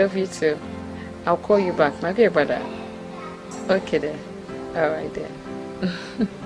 love you too. I'll call you back. My dear brother. Okay then. All right then.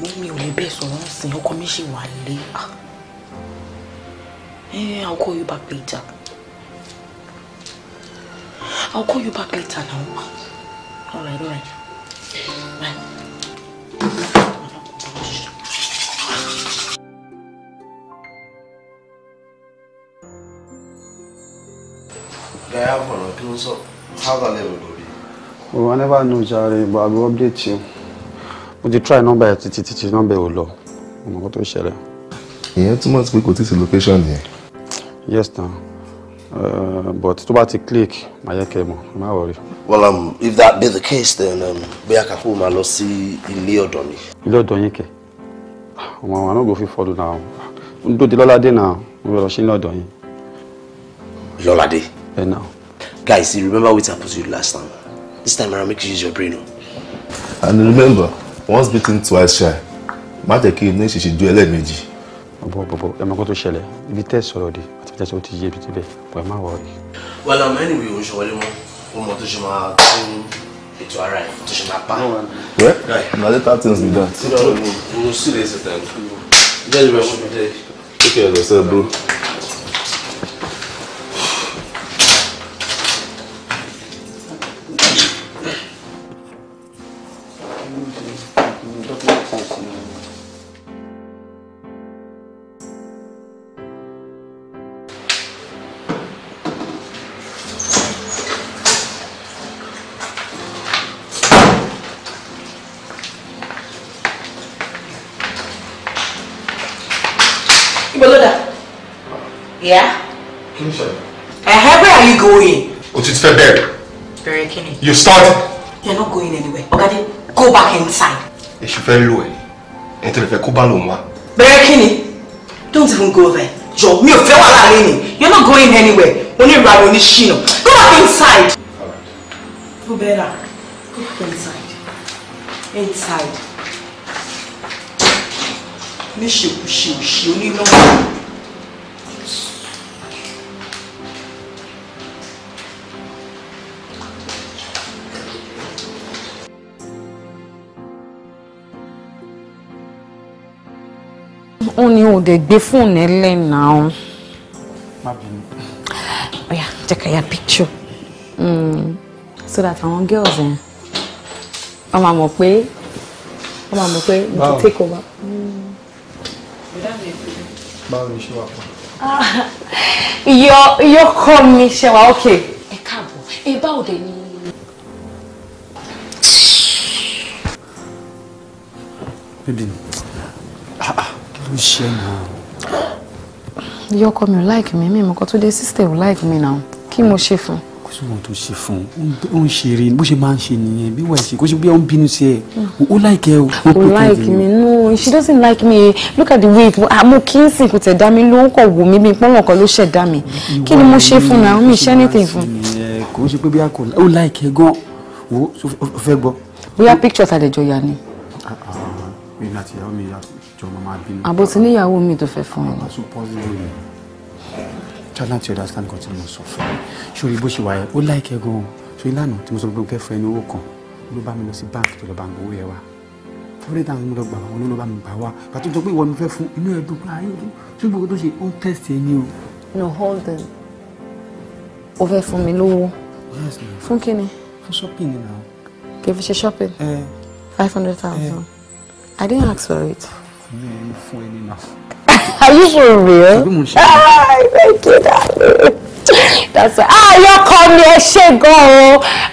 mo mi ò lè bẹ́ẹ̀ sọ̀rọ̀ ń sìn ọkọ mi ṣì wà lé ah. I'll call you back later I'll call you back later now all right all right bye. Gaya for a close up. How the level baby. be? We will never know, Jerry, but I will update you mo ti try number? ẹ̀ títí títí nọ́mbà ẹ̀ ò lọ ọmọ kan tó ṣẹlẹ̀. ìyẹn túmọ̀ sí pé kò tí ì sí location yẹn. yes na uh, but tó bá ti click màá yẹ kẹ́ ẹ mọ̀ ẹ wọrí. well um, if that be the case then um, bóyá kakú máa lọ sí ilé ọ̀dọ̀ mi. ilé ọ̀dọ̀ yín kẹ ah, ọmọ àwọn náà kò fi fọdù náà n tó di lọ́ládé náà mo fẹ́ lọ sí ilé ọ̀dọ̀ yín. lọ́ládé. ẹ náà. guys you remember wetin happen to you last time this time around make you use your brain o. Oh. and remember once beaten twice shy eh, má jẹ́ kí iná ìṣèṣe ju ẹlẹ́ẹ̀mejì. bọ̀bọ̀ bọ̀bọ̀ ẹ mọ kó tó ṣẹlẹ̀ ibi tẹ́ sọ̀rọ̀ de àti tẹ́ sọ̀rọ̀ ti yé ibi tẹ́bẹ̀ bọ̀ ẹ má wọ̀ rí. wàhálà ọmọ ẹni wíwọ oṣù wọlé wọn ó mọ tó ṣe máa tún ètò ara ẹ tó ṣe máa pa. wẹ́ na later things be that. ṣé o ṣì lè ṣe tẹ̀lé? jẹ́ ìbẹ̀rù mi dé. take care of yourself bro. Sọ́ọ̀tì. You're not going anywhere. Ọ̀gádé, go back inside. Èṣù fẹ́ lò ẹ̀. Ẹ tẹ̀lé fẹ́ kó bá lòun wá. Don't even go there. Jọ mi ò fẹ́ wà láàrin You're not going anywhere. Onírànú oníṣìnà. Go back inside. All Right. Go better. Go back inside. Inside. Níṣe kùṣe òṣì onílọ́wọ́. ò dẹ̀ gbé fóònù ẹ lẹ́nà o. má bínú. ọ̀yà ya picture hmm, so that àwọn girls yẹn wọ́n máa mọ̀ pé wọ́n máa mọ̀ pé mo ti take over. báwo ni ṣe wà pa. iyọ iyọ kọ mi ṣe wa ok. ẹ káàbọ̀ ẹ báwo dẹ̀ ni. bíbí ló ṣe náà. ìyá ọkọ mi ò láìkì mí mi mọ̀kọ́ tó dé sísítẹ̀ ò láìkì mí náà kí mo ṣe fún un. kò sí ohun tó ṣe fún un ó ń ṣeré bó ṣe máa ń ṣe nìyẹn bí wàá ṣe kó ṣe bí wọ́n ń bínú sí ẹ ó láìkì ẹ o. kò láìkì mí no she doesn't like me look at the way mo ah, kí n sìnkú tẹ̀ dá mi ló ń kọ̀ wò mí bí pọ́nlọ̀ kan ló ṣẹ̀ dá mi kí ni mo ṣe fún náà mi ṣe anything fún. kò ń ṣe pé bí a kò ó láìkì ẹ gan wo fẹ́ gbọ́. bóyá picture tàlẹ́jọ yà ni. ìrìn ah, ah, àti ìyàwó mi yà jọ màmá bínú. àbò tí níyàwó mi tó fẹ́ fún mi. màmá to understand nǹkan tí mo sọ fún ẹ ṣòro bó ṣe wà yẹ ó láìkẹ gan-an ṣòro ìlànà tí mo sọ pé o kẹfọ ẹni owó kan ló bá mi lọ sí báńkì tó lọ bá ń gbowó yẹ wa fúnrẹ́ táwọn ọmọ ọgbà wọn ló bá mi gbà wá pàtó jọ pé ìwọ ni fẹ́ fún inú ẹ̀ dùn ayé dùn tí gbogbo tó ṣe ó ń test ẹ ní o. no hold on o fẹ́ fún mi lówó fún kí ni. fún shopping ni na. kì í fi ṣe shopping. Eh. five hundred thousand eh. i didn't ask for it fún ẹ ní Are you sure, real? Ah, thank you, darling. That's right. Ah, your call me a ṣe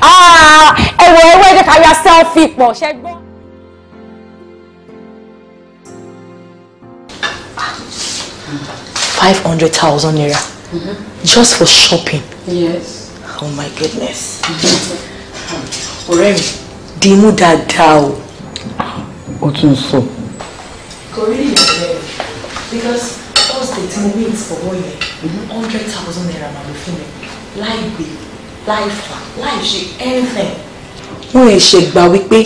Ah, ẹ̀wọ̀ ẹ̀wọ̀ ẹ̀jẹ̀ ká ya selfie pọ̀ ṣẹ́ Five hundred thousand naira mm-hmm. just for shopping. Yes. Oh my goodness. Mm-hmm. Ọ̀rẹ́ mi, dìímú dáadáa o. Ó tún sọ kò rí ìyàgbẹ́ rẹ̀ because thursday tí mo for one year mm-hmm. hundred thousand naira my lò life, mi life, gbé láì fà láì ṣe anything. wọ́n yẹn ṣe gbà wípé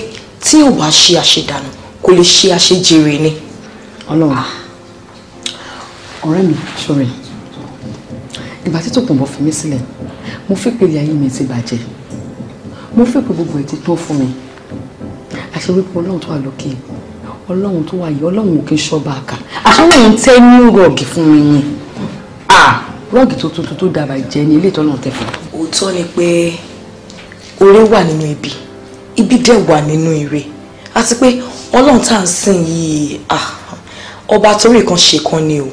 tí ò bá ṣe àṣedànù kò lè ṣe àṣejèrè ni. ọlọ́run ah. ọ̀rẹ́ mi ṣọrẹ ìgbà tí tòkùnbọ̀ fi mí sílẹ̀ mo fi pèlè ayé mi ti bàjẹ́ mo fi pè gbogbo ẹ̀ ti tán fún mi àṣẹ wípé ọlọ́run tó wà lókè ọlọ́run tó wà yìí ọlọ́run ò kí ń ṣọba àkà àṣọlọ́run tẹ́ ní rọ̀gì fún mi ni rọ̀gì tó tuntun tó dára jẹ́ ni ilé ìtọ́nà tẹ̀ fún. òótọ́ ni pé oore wà nínú ibi ibi dẹ̀ wà nínú ire àti pé ọlọ́run tá à ń sìn yìí ọba torí kan ṣe kan ni o.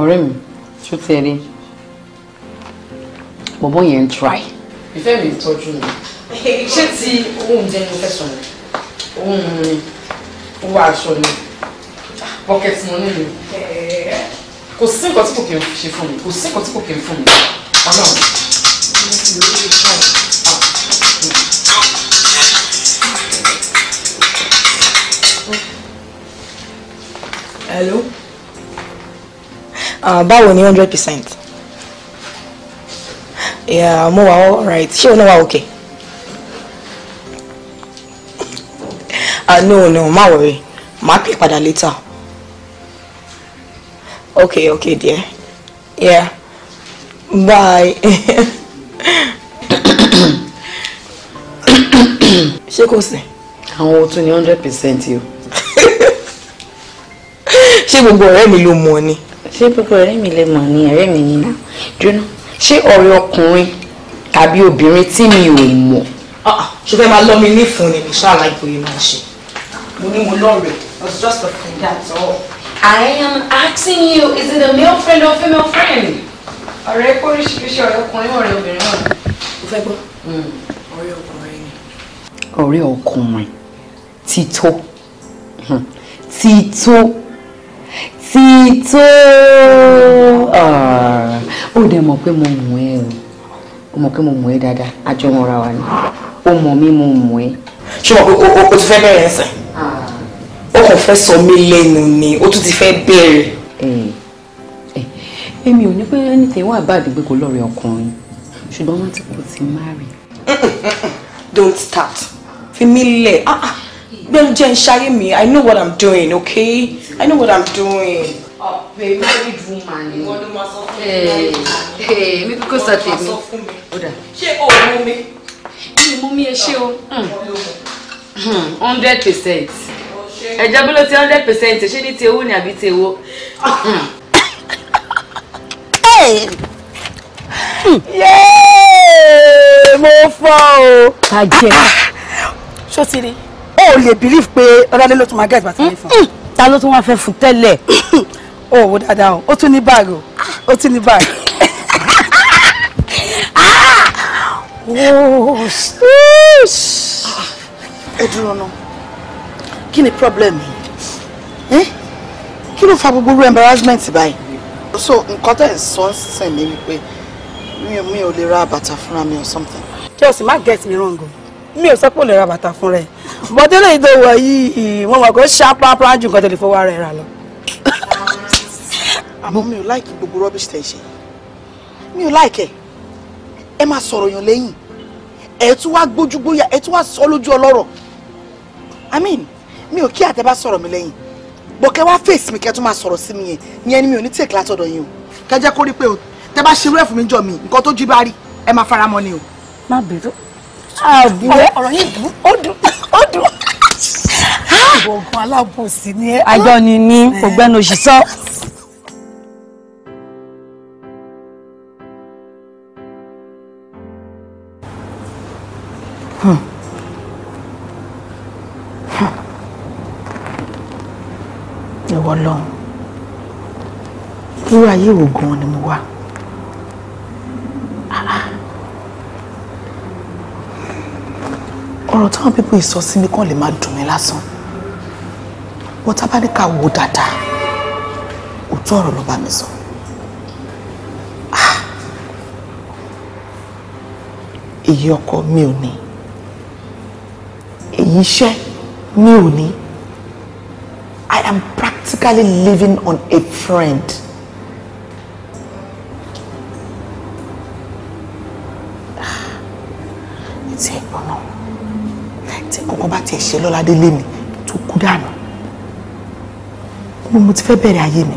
ọ̀rẹ́ mi ṣó tẹ́ rí bọ̀bọ̀ yẹn ń try. ìfẹ́ mi tọ́jú mi ṣé ti oúnjẹ ni mo fẹ́ sọ̀rọ̀ ohun mi owó aṣọ ni bucket money ni kò sí nǹkan tí kò kí n ṣe fún mi kò sí nǹkan tí kò kí n fún mi ọlọ́run. hello. Ah, báwo ni hundred percent. mo wà all right ṣé o náà wà okay. ah no no ma worry má pè padà later okay okay dear yeah bye ṣé kò sí. àwọn ohun tún ní hundred percent yìí o ṣé gbogbo ọ̀rẹ́ mi ló mọ̀ ni. ṣé gbogbo ọ̀rẹ́ mi lè mọ̀ ni ọ̀rẹ́ mi nínà jóná ṣé ọ̀rẹ́ ọkùnrin tàbí obìnrin ti mi ò Ah ṣé fẹ́ ma lo mi ni nífun ni mi ṣáà láìpẹ́ yìí máa ṣe mo ní mo lọ́ọ̀rẹ́. was just a friend that's all. I am asking you is it a male friend or female friend. ọ̀rẹ́ kó oríṣiríṣi ọ̀rẹ́ ọkùnrin ọ̀rẹ́ obìnrin náà. o fẹ́ gbọ́. Hmm, ọ̀rẹ́ ọkùnrin ni. ọ̀rẹ́ ọkùnrin ti tó ti tó ti tó ó dẹ̀ mọ̀ pé mo mọ̀ ẹ́ o O mọ̀ pé mo mọ̀ ẹ́ dáadáa àjọmọ̀ra wa ni O mọ̀ mí mo mọ̀ ẹ́. ṣé o ti fẹ́ bẹ̀rẹ̀ ẹ̀sìn kàn fẹ́ sọ mí lẹ́nu ni ó tún ti fẹ́ bẹ̀rẹ̀. Mm. Eh, èmi ò ní pé anything wà bá àdúgbò kò lọ́ọ̀rẹ́ ọkùnrin ṣùgbọ́n wọ́n ti kò ti marry. don't start fi mí lẹ̀ gbẹ́rù ah, ah. jẹ́ ń ṣayé mi i know what i'm doing okay i know what i'm doing. ọ̀pẹ̀ oh, married woman ni wọ́n ló máa sọ fún mi. mi kò sọ tèmi ṣé o mú mi. mi mú mi ẹ ṣé o ah. hmm. Hmm, hundred percent ẹ̀jẹ̀ bí ló ti hundred percent ṣé ní ti owó ni àbí ti owó. mo fọ́ o. bàjẹ́. ṣó ti rí o ò lè believe pé ọlọ́dẹ ló tún máa gẹ̀ẹ́sì bàtí mi fún. Mm, mm. ta ló tún wá fẹ́ fún tẹ́lẹ̀. o ò wo dáadáa o ó tún ní báàgì o ó tún ní báàgì. Ah! Ah, ẹ dúró náà kí ni problem yìí kí ló fa gbogbo irú embarrassment báyìí. so nǹkan tẹ̀ ń sọ ń sìn ní wípé mi mi ò lè ra bàtà fúnra mi or something. chelsea má get me wrong o mi ò sọ pé ò lè ra bàtà fúnra ẹ bọ́dé lè dé wọ yìí wọn mọ̀ pé ó ju nǹkan tó lè fọwọ́ rẹ̀ rà lọ. àmọ́ mi ò láìkí gbogbo rubbish tẹ̀ ṣe mi ò láìkẹ́ ẹ máa sọ̀rọ̀ yàn lẹ́yìn ẹ̀ tún wá gbójúgbóyà ẹ̀ tún wá sọ lójú ọlọ́rọ̀ i mean mi ò kí àtẹ́bá sọ̀rọ̀ mi lẹ́yìn bọ̀kẹ́ wá fèsì mi kẹ́ tó máa sọ̀rọ̀ sí mi yẹn ìyẹn ni mi ò ní tèk látọ̀dọ̀ yín o kẹjẹ kó rí pé o tẹ bá ṣerú ẹ̀ mi jọ mi nǹkan tó jí bá rí ẹ máa fara mọ́ ni o. má bẹ̀rù ah, àbúrò ọ̀rọ̀ yìí dùn ó dùn ó dùn. Ah! ìwọ̀nkan alábòsí ni ẹ. ayọ̀ ni ni kò eh. gbẹ́nu òṣìṣọ́. Hmm. ìwọ lọ́hùn irú ayé wo gan ni mo wà ọ̀rọ̀ táwọn pípọ̀ ìsọ sí mi kàn lè máa dùn mí lásán wọ́n tá bá ní ká wo dáadáa òótọ́ ọ̀rọ̀ ló bá mi sọ. Ah! èyí ọkọ mi ò ní èyí iṣẹ́ mi ò ní basically living on a friend. ti ọ̀nà tí kankan bá tiẹ̀ ṣe lọ́ládé lé mi tó kú dànù mo ti fẹ́ bẹ̀rẹ̀ ayé mi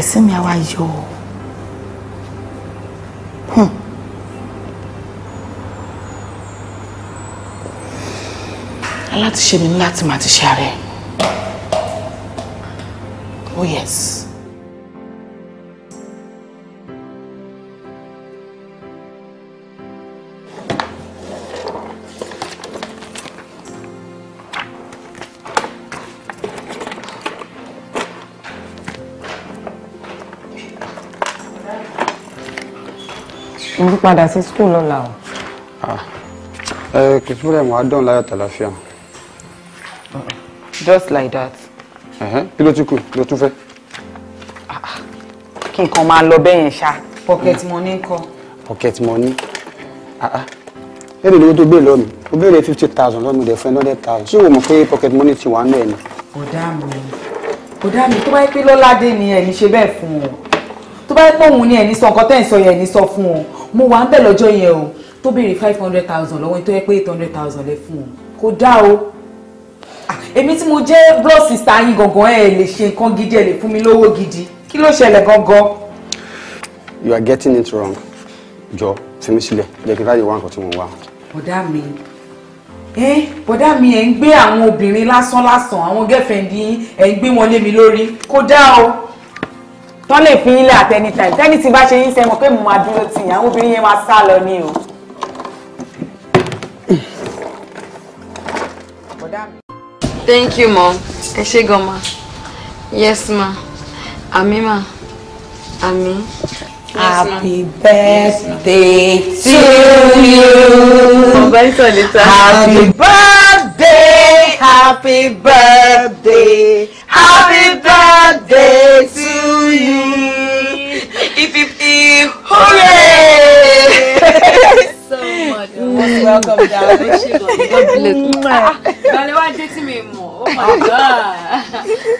ẹ̀sìn mi àwa yọ ọ́ hmm. aláti ṣe mi ní láti máa ti ṣe ààrẹ. Oh, yes. mo ń padà sí skul lọ́la o. Ah. Eh, kìtìmọ́lẹ̀ mo á dán láyọ̀ tàlàfíà. just like that kí ló tún kù kí ló tún fẹ́. kí nǹkan máa lọ bẹ́ẹ̀ yẹn ṣá. pocket money ńkọ́. pocket money èrè ah, ah. lówó tó gbé lọ mi ó béèrè fifty thousand lọ́mi dẹ̀ fún ẹ hundred thousand ṣé wò mọ̀ pé pocket money tu wà ń lẹ̀ ni. ọ̀dà mi ọ̀dà mi tó bá yẹ pé ni ẹ̀ ní ṣe bẹ́ẹ̀ fún ọ tó bá yẹ pé òun ni ẹ̀ ní sọ nǹkan tẹ́ ẹ̀ sọ yẹn ní sọ fún ọ mo wà ń bẹ̀ lọ́jọ́ yẹn o tó béèrè five hundred thousand lọ́wọ́ tó yẹ pé thousand lẹ fún ọ o Ah, èmi tí mo jẹ́ blood sister yín gangan ẹ lè ṣe nǹkan gidi ẹ lè fún mi lówó gidi kí ló ṣẹlẹ̀ gangan. you are getting it wrong jọ fimi sílẹ̀ jẹ́ kí láyé wá nǹkan tí mo wá. bọ̀dá mi ẹ bọ̀dá mi ẹ̀ ń gbé àwọn obìnrin lásán lásán àwọn gẹ́fẹ̀ndì yín ẹ̀ ń gbé wọn lé mi lórí kódà o tán lè fi ilé at any time tẹ́ni tí bá ṣe yín sẹ́mọ̀ pé mo máa dúró tì yín àwọn obìnrin yẹn máa sá lọ ní o. thank you mom ẹ ṣé gan ma yes ma àmì ma àmì. Happy birthday to you. Happy birthday, happy birthday, happy birthday to you. If, you feel, hooray! most mm. welcome darling. God bless. Mm, ah, mm, ah. Darling, why dating me more? Oh my God.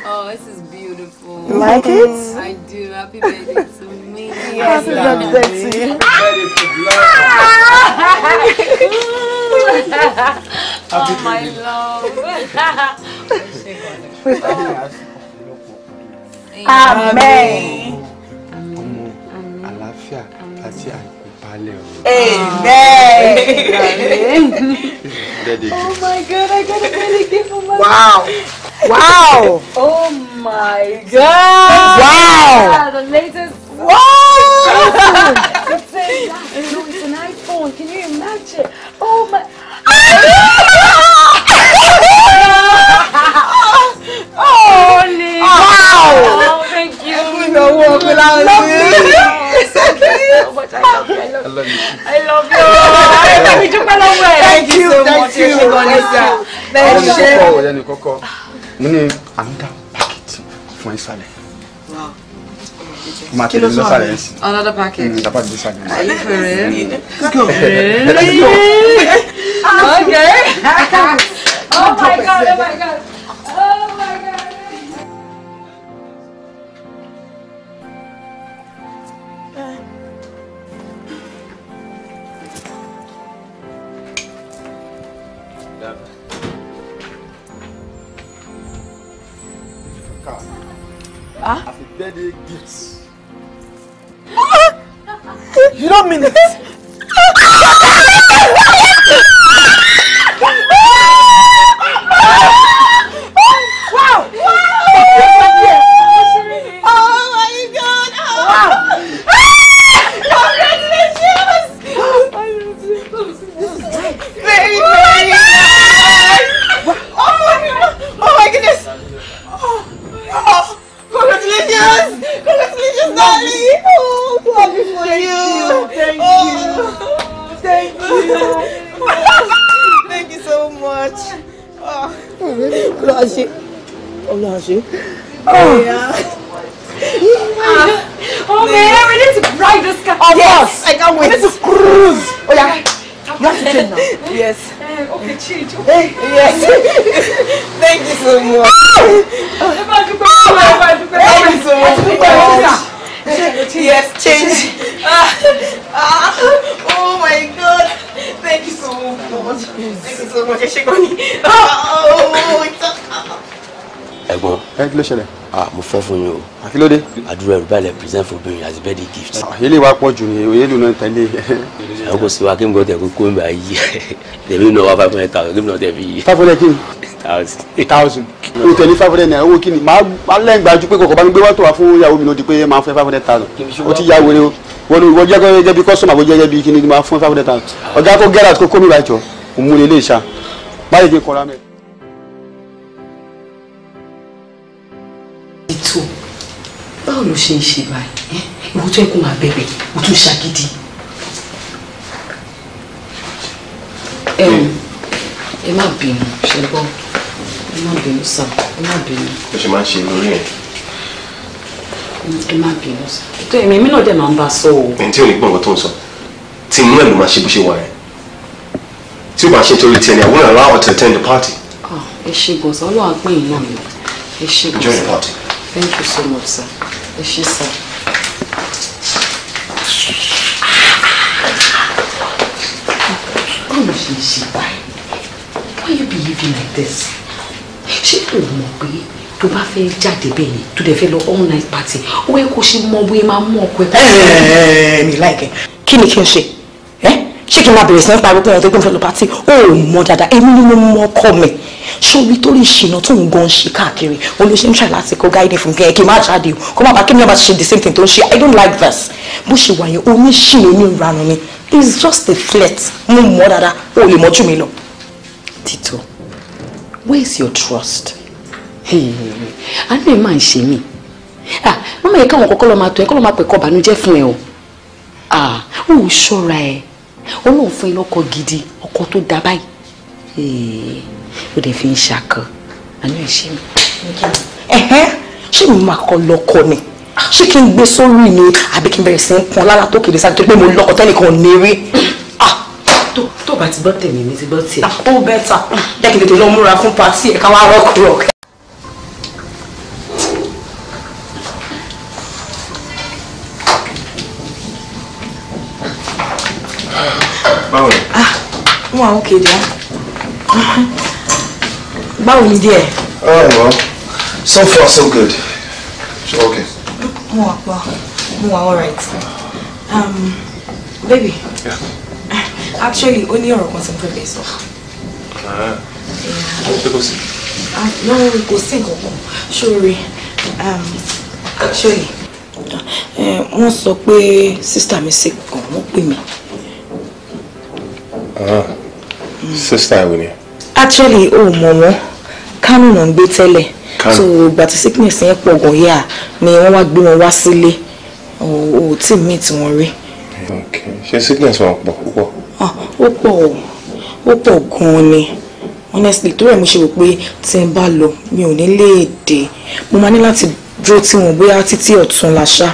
Oh, this is beautiful. Like it? I do. Happy birthday to me. Yes, Happy birthday to you. Oh my love. Oh, Amen. Àlàáfíà àti àyè. Hallelujah. Amen. Amen. oh my God, I got a really gift for my Wow. Wow. oh my God. Wow. The latest. Wow. it's, a, no, it's an iPhone. Can you imagine? Oh my. Holy. Wow. Oh, oh thank you. We don't walk without you. love you so much. I love you. I love, I love you. I love you. Thank you. Thank you so much. Thank you. Thank you. Thank you. Thank you. Thank you. Thank you. Thank you. Thank lọ́sàlẹ̀ yẹn sí. Another packet. Mm, dapat bisa gan. Are you for real? Let's go. Really? okay. oh my God, oh my God. huh? Ah. as a birthday gift. Ah. you don't mean ah. it. Ah, mo fẹ́ fún yín o. àkílódé. àdúrà ẹ̀rù balẹ̀ present for being as birthday gift. Ah, ilé wa pọ̀ jù ní oyè dùnà tẹ́lẹ̀. àwọn kò sí wa kí n bọ̀ tẹ̀ kó kó mi bá yí tẹ̀mí náà wá five hundred thousand kí n náà tẹ̀ fi yí. five hundred kí ni. thousand. thousand. o tẹ̀lé five hundred naira owó kí ni màá alẹ́ ìgbàjú pé kọ̀kọ́ bá mi gbé wá tó wá fún ìyàwó mi náà di pé máa fẹ́ five hundred thousand. o ti yá wẹrẹ o wọn ni wọn jẹ́ jẹ́ bí kọ́sọ̀mù àbójẹ́ jẹ́ bí kí ni máa fún five hundred thousand. ọ̀gá kó gẹ́rà kó kó mi bá jọ òun mú lè lè ṣá báyìí kí n kọ́ra mẹ́rin. ló ṣe é ṣe báyìí ìwọ tó yẹ máa bẹ̀bẹ̀ o tún ṣàgídí. ẹ ò ẹ má bínú ṣẹgbọ́n ẹ má bínú sà ẹ má bínú. o ṣe máa ń ṣe lórí ẹ ẹ má bínú sá ètò èmi náà dẹ̀ máa ń bá a sọ o. ẹni tí ò ní tó ń sọ tí inú ẹ̀ ló máa ṣe bó ṣe wà rẹ̀ tí ó bá ṣe torí tiẹ̀ ni I wouldn't allow her attend the party. Ah, ẹ ṣe gbọ̀nsá ọlọ́wà pín náà ni ẹ ṣe gbọ̀nsá thank you so much sir ẹ ṣe sàn. báwo ṣe ń ṣe báyìí why you behaving like this She o mọ̀ to tó a fẹ́ jáde bẹ́ẹ̀ ni tó dẹ̀ all night party Where could she ṣe mọ bóyá máa mú ọkọ ẹ. ẹ ẹ she. Eh? She ni be n ṣe ṣé kí n máa bẹ̀rẹ̀ party Oh, mother, that èmi ni mo mọ me sórí torí ìṣìnà tó ń gan ṣe káàkiri o ló ṣe ń ṣe láti kó guide fún kí ẹ kí n má jáde o kó má bàa kí ni ọba ṣe the same thing tó ń ṣe i don't like this bó ṣe wà yẹn oníṣìnà oníranù ni it's just a flat. mo mọ̀ dada. o lè mọ̀ jù mí lọ. Tito where is your trust? àánú ẹ̀ máa ń ṣe mí ah mama yẹ káwọn kọ́kọ́ lọ máa tó ẹ kọ́ lọ máa pẹ̀kọ́ bànújẹ́ fún ẹ o ah ó ṣọ́ra ẹ ọlọ́run fún ẹ lọ́kọ gidi ọkọ tó dáa báyìí ó dẹ̀ fi ń ṣàkọ àánú ẹ̀ ṣe mí. ṣé mi máa kọ lọ́kọ ni ṣé kí n gbé sórí ni àbí kí n bẹ̀rẹ̀ sí ń pọn lára tó kéde sáré tó pé mo lọ́kọ tẹ́nìkan ní rí. Ah! tó bá ti gbọ́ tèmi mi ti gbọ́ tiẹ̀. Ah, ó bẹ́tà jẹ́ kí n tètè lọ múra fún pàtí ẹ̀ka wá rọ́ọ̀kì rọ́ọ̀kì. báwo ni. ah wọn àwọn kéde á báwo ni díẹ̀. all right well so far so good so okay. mo wà pa mo wà all right um, baby yeah. actually ó ní ọ̀rọ̀ kan tí mo fẹ́ bẹ̀ sọ. ṣé ah. kò sí. Ah, no kò sí nǹkan kan sorry actually um, eh, wọ́n sọ pé sísítà mi sick kan wọ́n pè mí. Ah. Hmm. sísítà ìwé ni. actually o mọ̀ wọ́n. Kánò náà ń gbé tẹ́lẹ̀ so ìgbà tí sickness yẹn pọ̀ gan yà ni wọ́n wá gbé wọn wá sílé ò tí mi tí wọ́n rí. ṣé sickness wọn pọ̀ púpọ̀. Ah, ó pọ̀ ó pọ̀ gan-an ni honestly torí ẹ̀ mo ṣe rò pé tí n bá lọ mi ò ní lè dé mo máa ní láti dúró tí wọn bóyá títí ọ̀tún la ṣá.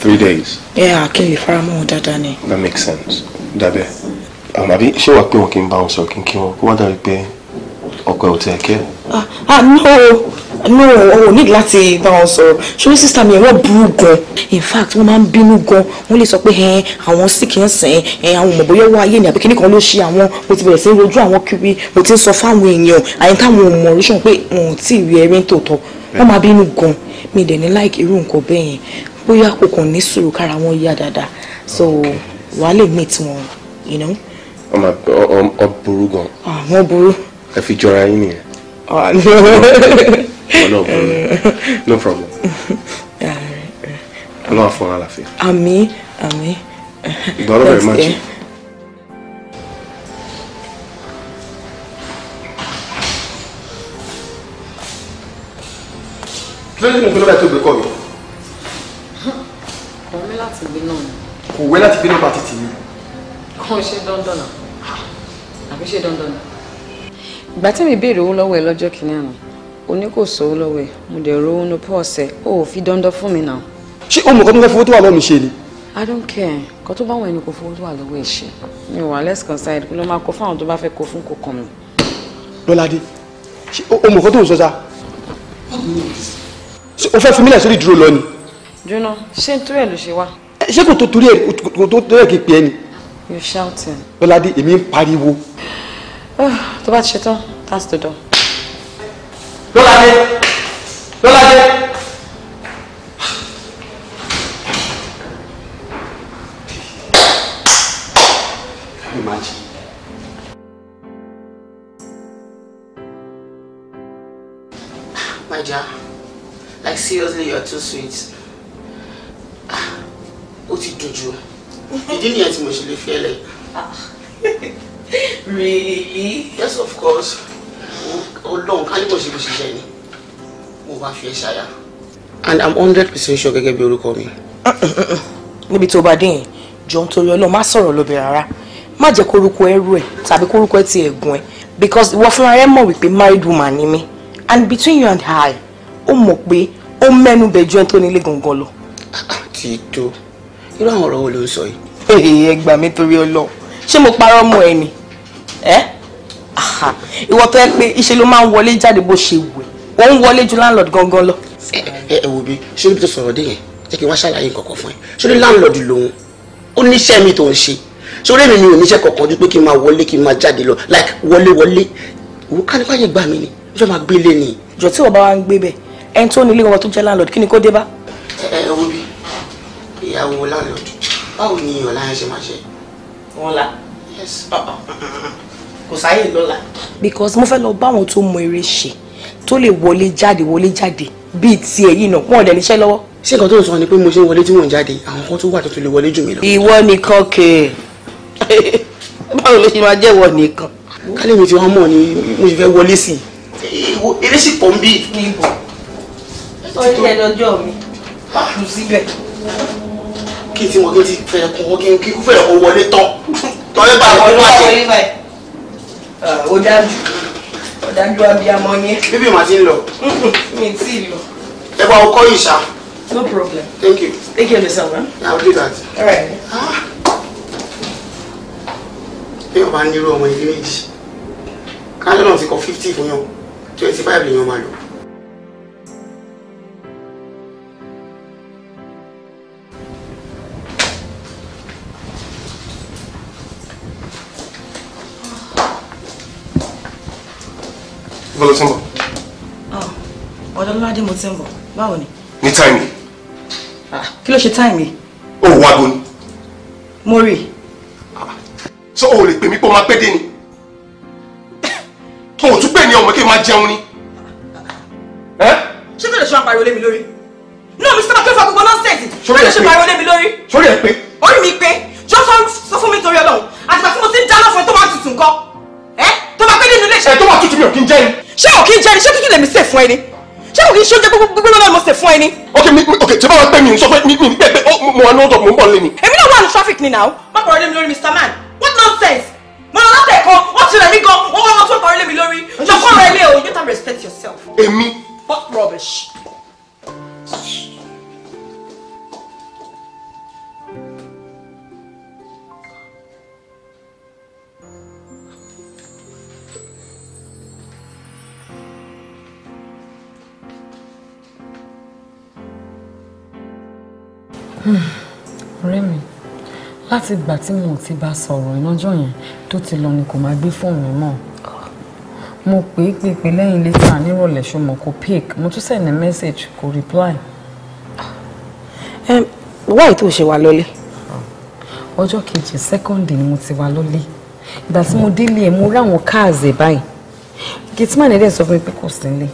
three days. ẹ à kí n lè fara wọn dáadáa ni. that makes sense dábẹ́ àmàbí ṣé wàá pé wọn kì í bá wọn sọ kí n kí wọn kó wá dàbí pé ọkọ ẹ ò tiẹ̀ kí ẹ. ah, ah no no o ò ní láti bá wọn sọ̀rọ̀ ṣùgbọ́n sísá mi wọ́n burú gan in fact wọ́n máa ń bínú gan wọ́n lè sọ pé ẹn àwọn sick ń sìn ẹn àwọn ọmọ bóyá wọ́n ayé ni àbí kíní kan ló ṣe àwọn mo ti bẹ̀rẹ̀ sí rojú àwọn kiri mo ti ń sọ fáwọn èèyàn àyè táwọn ò mọ̀ ríṣàn pé wọn ò tí ì rí ẹrí ń tòótọ́ wọ́n máa bínú gan mi dẹ̀ ní láìkí irú nǹkan bẹ́ẹ̀ yẹn bóyá kò kàn ní sùúrù kára wọn yá dáadáa so wàá lè meet wọn you know. ọmọ ọ burú gan. àwọn ah, burú ẹ fi jọra yín nìyẹn. Ah, no no no problem ọlọ́wà fún àlàáfíà. àmín àmín. ìgbọ́rọ̀ bẹ̀rẹ̀ máa jẹ. lórí mi gbọ́dọ̀ tó gbé kọ́ mi. kò wẹ́ láti gbé náà ni. kò wẹ́ láti gbé nọ́mbà títì mi. kò ń ṣe dandan náà ah. àbí ṣe dandan náà ìgbà tí mi béèrè owó lọ́wọ́ ẹ lọ́jọ́ kìíní àná o ní kò sówó lọ́wọ́ ẹ mo dẹ̀ ro oúnú pọ̀ ọ̀sẹ̀ o ò fi dandan fún mi náà. ṣé o mọ̀ kọ́ tó fẹ́ fowó tó wà lọ́wọ́ mi ṣe ni. I don't care kọ́ tó bá wọn ẹni kò fowó tó wà lọ́wọ́ ẹ ṣe mi ò wà less concerned kí ló máa kó fáwọn tó bá fẹ́ kó fún kò kàn mí. lọ́ládé ṣé o mọ̀ kọ́ tó ń sọ sa o fẹ́ fi mílẹ̀ sórí ìdúró lọ ni. jóná ṣé nítorí ẹ ló ṣe wá. ṣé kò tó torí ẹ kò tó torí ẹ kì í pè é ni. you shouting. lọ́ládé èmi ń pariwo tó bá ti ṣe tán that's the door. lọ́ládé lọ́ládé. imagine. my dear like seriously you're too sweet What did you do? ìdí nìyẹn tí mo ṣe lè fi really? yes of course ọlọ́run ká níbo ṣe bó ṣe jẹ́ ni mo bá fi ẹ ṣàyà. and i'm hundred percent sure gẹ́gẹ́ bí orúkọ mi. níbi tó bá dé yẹn jọ ń torí ọlọ́run má sọ̀rọ̀ lọ́bẹ̀ rárá má jẹ́ kórúkọ ẹ ẹ tàbí kórúkọ ẹ ti ẹ̀gùn ẹ because ìwọ fúnra rẹ mọ̀ wípé married woman ni mí and between you and I ó mọ̀ pé ó mẹ́nu bẹ̀ ju ẹni tó nílé gangan lọ. ti tó irú àwọn ọ̀rọ̀ wo ló ń sọ yìí. ẹ gbà mí torí ọlọ́run ṣé mo parọ́ mọ́ ẹ ni ẹ́ ìwọ tó yẹ pé iṣẹ́ ló máa ń wọlé jáde bó ṣe wù ẹ́ ó ń wọlé ju landlord gangan lọ. ẹ ẹ wo bi ṣé níbi tó sọ̀rọ̀ dé yẹn jẹ́ kí n wá ṣàlàyé nǹkankan fún ẹ ṣé ní landlord lòun ó níṣẹ́ mi tó ń ṣe ṣé orí mi mi ò níṣẹ́ kankan ju pé kí n máa wọlé kí n máa jáde lọ like wọlé wọlé òun ká nípa yẹn gbà mí ni ìjọ máa gbé lé ni. ìjọ tí wọn bá wa ń gbé bẹ ẹni tó ní ilé wọn tó jẹ landlord kí ni kó dé bá. ẹ ẹ wo bi ìyàwó landlord báwo ni ọ̀la yẹn ṣe máa ṣe. wọn yes. Uh kò sáyè lọ́la. because mo fẹ́ lọ bá àwọn tó mọ eré ṣe tó lè wọlé jáde wọlé jáde bíi tiẹ̀ yìí náà wọn ò dẹ̀ níṣẹ́ lọ́wọ́. ṣé nǹkan tó ń sọ ni pé mo ṣe ń wọlé tí mò ń jáde àwọn kan tó wà tó tó lè wọlé jù mí lọ. ìwọ nìkan kè é báwo ló ṣe máa jẹ́ ìwọ nìkan. kálí mi ti wá mọ̀ ni mo ṣe fẹ́ wọlé sí i. eré sì pọ̀ ń bí. níbo nítorí ẹ lọ́jọ́ mi bá kù síbẹ̀. kí tí wọn kí ti fẹ́ kún kí n kí kú fẹ́ kó wọlé tán tọ́lé bá wọn lọ́wọ́ ó dájú ó dájú abiyamọ yẹn. bíbí màá ti ń lọ. mi ti lọ. ẹ bá ọkọ yìí ṣá. no problem. thank you. Thank you, of yourself. Huh? Yeah, I'll do that. all right. bí ah. wọn bá ń nírú ọmọ ilé méjì kájọ náà ti kọ fifty fún yàn twenty five lèèyàn máa lò. bó ló ti ń bọ̀. Ah, ọ̀dọ́ lọ́ládé mo ti ń bọ̀ báwo ni. ní táìmì. Ah, kí ló ṣe táìmì. o wá gbóni. mo rí i. Ah, o ò lè pè mí pé o máa pẹ́ dé ni. o ò tún pè ní ọmọ kí n máa jẹun ni. Eh? ṣé kí ló ṣe máa pariwo lé mi lórí. náà mi sábà kí ló fa gbogbo nọ́ọ̀sẹ̀sì. kí ló ṣe pariwo lé mi lórí. sórí ẹ pé. orí mi pé jọ́sọ́ sọ fún mi torí ọlọ́run àtìgbà tí mo ti ń dáná fún ẹ tó máa tutù nǹkan. ẹ eh? tó máa pẹ́ nínú ilé iṣẹ́. ẹ tó máa tutù mi ò kí ń jẹ́ ni ṣé o kì í jẹ́ ni ṣé tútù lèmi ṣe fún ẹ ni ṣé o kì í ṣe oúnjẹ gbogbo náà mo ṣe fún ẹ ni. ok mi ok tí báwa pẹ́ mi sọ pé mi mi pẹ́ pé mo wà ní ọ̀dọ̀ mo ń bọ̀ lé ni. èmi náà wà ní traffic ni now. má bọ̀rọ̀ lé mi lórí Mr. Man what nonsense mo lọ látẹ̀ kan wọ́n ti rẹ̀ mí gan wọ́n wọ́n tún bọ̀rọ̀ lé mi lórí lọ́kọ́ rẹ̀ lé o you better respect yourself. èmi. what rubbish. láti ìgbà tí mo ti bá sọ̀rọ̀ ìnájọ́ yẹn tó ti lọ ni kò máa gbé fóònù mọ́ mo pè é pé pé lẹ́yìn létà nírọ̀lẹ́ ṣọmọ kò pick mo tún sẹ̀ndẹ̀ message kò reply. wáyé tó ṣe wá lọ́lé. ọjọ́ kejì sẹ́kọ̀ndì ni mo ti wá lọ́lé ìgbà tí mo délé ẹ̀ mo ráwọn káàzì báyìí gitman ẹ̀dẹ̀ sọ fún mi pé kò sí nílé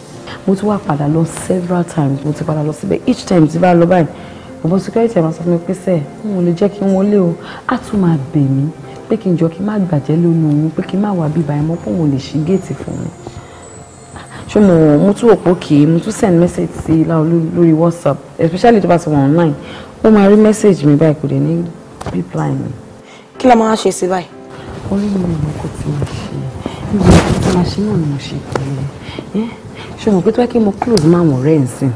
mo tún wá padà lọ several times mo ti padà lọ síbẹ̀ each time tí bá lọ báyìí bàbá security àwọn sọ fún mi pé sẹ́ẹ̀ wọn ò lè jẹ́ kí n wọlé o á tún máa bẹ̀ mí pé kí n jọ kí n má gbàjẹ́ lónìí òun pé kí n má wà bíbá ẹ̀ mọ́ pé òun lè ṣí géètì fún mi ṣé mo mo tún òpó kì mo tún send message sí Láolú lórí WhatsApp especially tó bá ti wà online ó máa rí message mi báyìí kò dé ní reply mi. kí la máa ṣe sí báyìí. orí mi ò kò tí ma ṣe mi ò náà ni mo ṣe pẹ̀lú ẹ ṣé mo pé tó bá kí mo close máa wọ̀n rẹ̀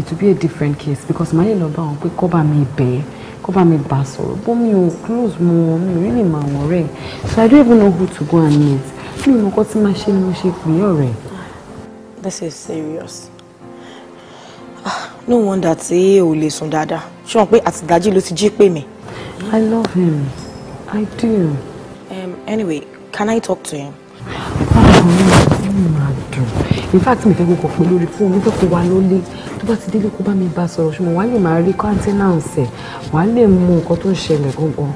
it will be a different case because màá lè lọ bá wọn pé kọ́ bá mi bẹ̀ ẹ́ kọ́ mi bá a sọ̀rọ̀ close more, wọn mi really mọ worry. so I don't even know who to go and meet mi ò mọ kọ́ tí máa ṣe ni mo ṣe This is serious. No wonder tí o lè sùn dáadáa ṣé wọn pé àtìdájí ló ti jí I love him I do. Um, anyway can I talk to him. báwo in fact mi fẹ́ kó kọ̀ pé lórí fóònù mi fẹ́ kó wa lólé bá ti délé kó bá mi bá sọ̀rọ̀ ṣùgbọ́n wàá lè máa rí kọ́ńtì náà ṣẹ̀ wàá lè mú nǹkan tó ń ṣẹlẹ̀ gangan wàá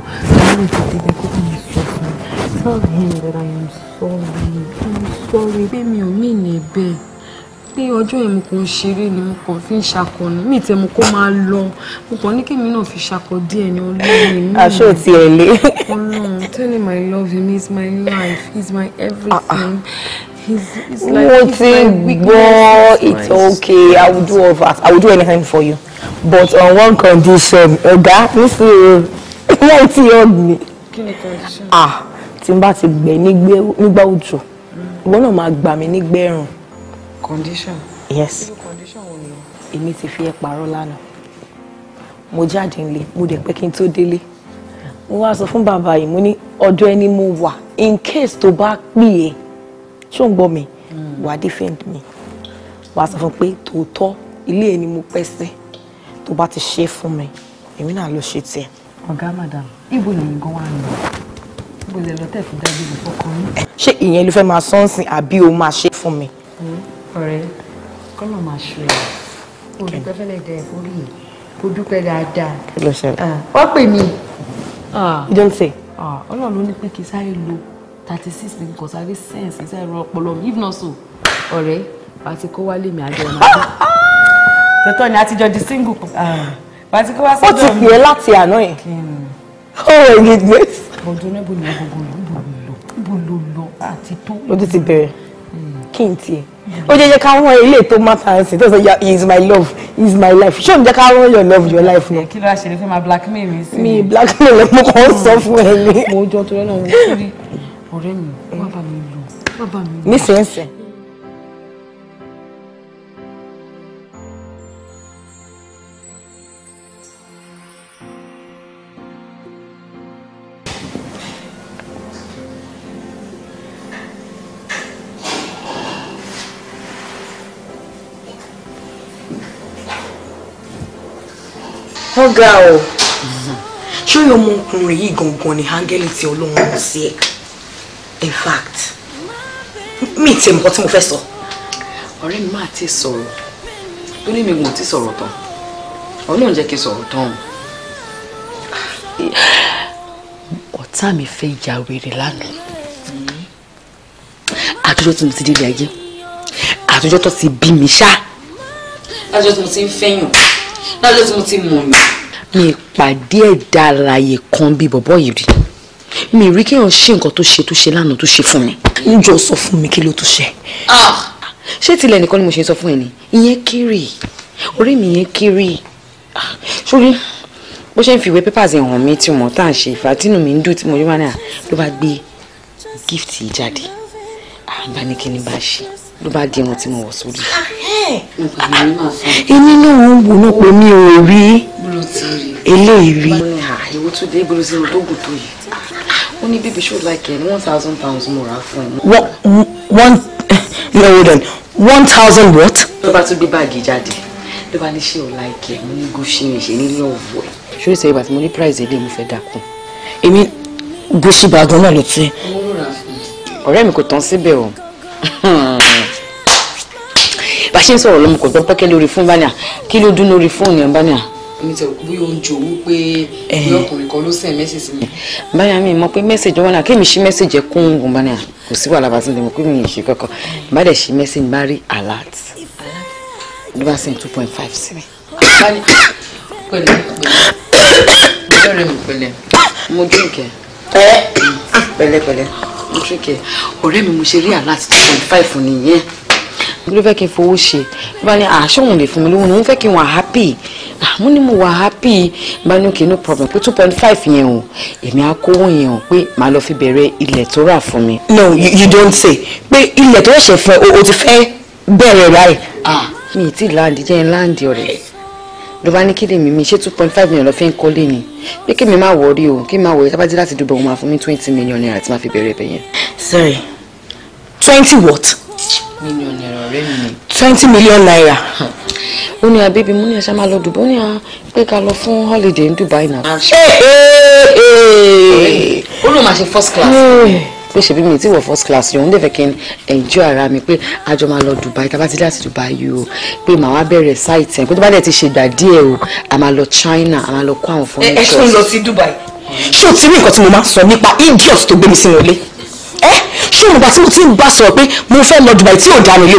lè ti délé kó bá mi sọ fún mi tell him that I am sorry I am sorry pé mi ò mí ní bẹ́ẹ̀ pé ọjọ́ yẹn mo kàn ń ṣeré ni mo kàn fi ń ṣakọni mi tẹ mo kó máa lọ mo kàn ní kémi náà fi ṣakọ díẹ̀ ni ọlọ́run mi. aṣọ ti ẹ̀ lé. ọlọ́run tell him I love him he's my life he's my everything. He's, he's mo ti gbọ́ it's okay I will do all that I will do anything for you but on one condition ọ̀gá nísìnyí wọ́n ti hug me. kí ni condition. ah tí n bá ti gbẹ nígbà òjò ìwọ náà máa gbà mí nígbẹ̀rùn condition. yes. irú condition wo ni. èmi ti fi ẹ parọ́ lánàá mo jáde nílé mo dẹ̀ pé kí n tó délé mo wá sọ fún bàbá yìí mo ní ọ̀dọ̀ ẹni mo wà in case tó bá pè é ṣó ń gbọ́ mi hmm. wàá defend me, wàá sọ fún pé tòótọ́ ilé ẹni mo pẹ́ sí tó bá ti ṣe fún mi èmi náà ló ṣe tiẹ̀. ọ̀gá madam ibo lẹ́yìn gan wà nù ibo lẹ́yìn lọ́tẹ̀ fi dájú ìfọkànlẹ́. ṣé ìyẹn ló fẹ́ máa sọ́nsìn àbí o máa ṣe fún mi. Hmm ọ̀rẹ́ kọ́nà máa ṣe é o dúpẹ́ fẹ́lẹ́ dẹ orí yìí o dúpẹ́ dáadáa. kí ló ṣẹlẹ̀. Ah, wọ́n pè mí. Ah. don't say. Ah, ọlọ́run ló ní pé kí sáré lo thirty six nǹkan sáré sense ní sáré ọpọlọ mi if not so ọ̀rẹ́ àti kó wálé mi àjọ ọ̀nà. tètò ni àtijọ́ di single pọ̀. àti kó wá sí ọjọ́ mi. ó ti pè é láti àná yẹn. Oh ó wẹ̀ ní gbé. bọ̀dọ̀ níbo ni ọgbọ̀n ló lò lò àti tó. ló ti bẹ̀rẹ̀ hmm. kí n tiẹ̀ ó jẹ́ jẹ́ ká wọ́n ilé tó mata ẹ̀sìn tó sọ he is my love he is my life ṣé òun jẹ́ ká wọ́n your love your life náà. kí ló wá ṣe lè fẹ́ máa blackmail mi sí. mi blackmail mo kàn ń sọ fún ẹ ní. mo jọ torí náà mo rí ọ̀rẹ́ mi wá bá mi lò wá bá mi lò. nífẹ̀ẹ́ wọ́n ga o ṣé yóò mú ọkùnrin yìí gangan ni áńgẹ́lì tí ọlọ́run mọ̀ sí ẹ̀ in fact mi ì tẹ̀ mọ́ tí mo fẹ́ sọ. ọ̀rẹ́ mi máa ti sọ̀rọ̀ tó ní mi gùn ti sọ̀rọ̀ tán ọlọ́run jẹ́ kí n sọ̀rọ̀ tán ọ̀tá mi fẹ́ ìjà wèrè lánàá àtijọ́ tí mo ti délé ayé àtijọ́ tó ti bí mi ṣá àtijọ́ tí mo ti ń fẹ́yàn lálẹ́ tí mo ti mọ̀ yàn. mi ìpàdé ẹ̀dá alààyè kan bíi bọ̀bọ̀ yìí rí mi rí kéèyàn ṣe nǹkan tó ṣe tó ṣe lánàá tó ṣe fún mi. ń jọ sọ fún mi kí ló tó ṣe. Ah! ṣé tilẹ̀ nìkan ni mo ṣe sọ fún ẹ ni ìyẹn kéré orí mi yẹn kéré sórí ah! bó ṣe ń fi ìwé papers hàn mí tí mo tá à ń ṣe ìfà tínú mi ń dùn tí mo rí wá náà ah! ló bá gbé gift yìí jáde àgbáníkíní bá ṣe ló bá di irun tí mo wọ̀ sórí. Ah, eh! èmi náà ń wò náà pé mi ò rí eléyìí rí. Ah, ah, ó ní bíbí ṣó láìkẹ́ ní one thousand pounds mo rà á fún ẹ. one eh, lọ́wọ́ one thousand what. ló bá tún gbé báàgì jáde ló bá ní ṣé ò láìkẹ́ mo ní gúúsì mi ṣe ní lọ́ọ̀bù ẹ̀. ṣóyè sọ ìgbà tí mo ní price ilé mo fẹ́ dàkún èmi gúúsì bàgán náà ló ti. ọ̀rẹ́ mi kò tán síbẹ̀ o. ṣe ń sọ̀rọ̀ lọ́mọ kò gbọ́ pẹ́kẹ́ lórí fún báníà kí ló dún lórí fóònù ẹ̀ báníà. mi tẹ̀ wí oúnjẹ owó pé bí ọkùnrin kan ló sẹ̀ mẹ́sẹ̀sì mi. báníà mi mọ̀ pé mẹ́sẹ̀jì wọn náà kémi ṣí mẹ́sẹ̀jì ẹ̀ kún un báníà kò sí wàhálà bá ti ń dẹ̀mọ̀ mi ṣe kankan bá dẹ̀ ṣí mẹ́sẹ̀jì bá rí alert ló bá send two point five sí mi. pẹ̀lẹ́ pẹ̀lẹ́ pẹ̀lẹ́ mo dúnkẹ́ pẹ̀lẹ́ pẹ̀lẹ́ mo dúnkẹ́ ọ̀rẹ́ mi mo ṣe rí alert two point five ló fẹ́ kí n fowó ṣe ló bá ní àṣọ̀hún lè fún mi lówó ni wọ́n fẹ́ kí n wà happy àmú ni mo wà happy bá ní òkè no problem pé two point five yẹn o èmi á kówó yẹn o pé màá lọ fi bẹ̀rẹ̀ ilẹ̀ tó rà fún mi. no you, don't say pé ilẹ̀ tó ṣẹ̀ fẹ́ o ti fẹ́ bẹ̀rẹ̀ ráì. mi ì tí láǹdì jẹ́ ń láǹdì ọ̀rẹ́ ló bá ní kí lèmi mi ṣe two point five million lọ fi ń kọ́lé ni pé kí mi má wọrí o kí mi má wọrí tá bá dé láti dùbọ̀ wọn máa fún mi twenty million naira tí máa fi bẹ̀rẹ̀ ibẹ̀ sorry twenty what. million naira twenty million naira. ó ní ah, abébí mú ní ẹ̀ṣẹ̀ máa lọ Dubai ó ní ah, pé ká lọ fún holiday ní Dubai náà. Ah, eh, eh, eh. ó lóun máa ṣe first class pé ṣe bí mi ti wọ first class yòówù ndẹ́fẹ̀ kí n enjoy ara mi pé àjọ máa lọ Dubai tá a bá ti dé láti Dubai yìí o pé màá wá bẹ̀rẹ̀ site ẹ̀ pé tó bá dẹ̀ ti ṣe ìgbà díẹ̀ o a máa lọ China a máa lọ kó àwọn fọ́nrán. ẹ ẹ ṣó ń lọ sí Dubai. ṣé o ti rí nǹkan tí mo máa ń sọ nípa idiot tó gbé mi sínú ilé ẹ eh, ṣé òmùgbà tí mo ti ń bá sọ pé mo fẹ́ lọ Dubai tí ò dá mi a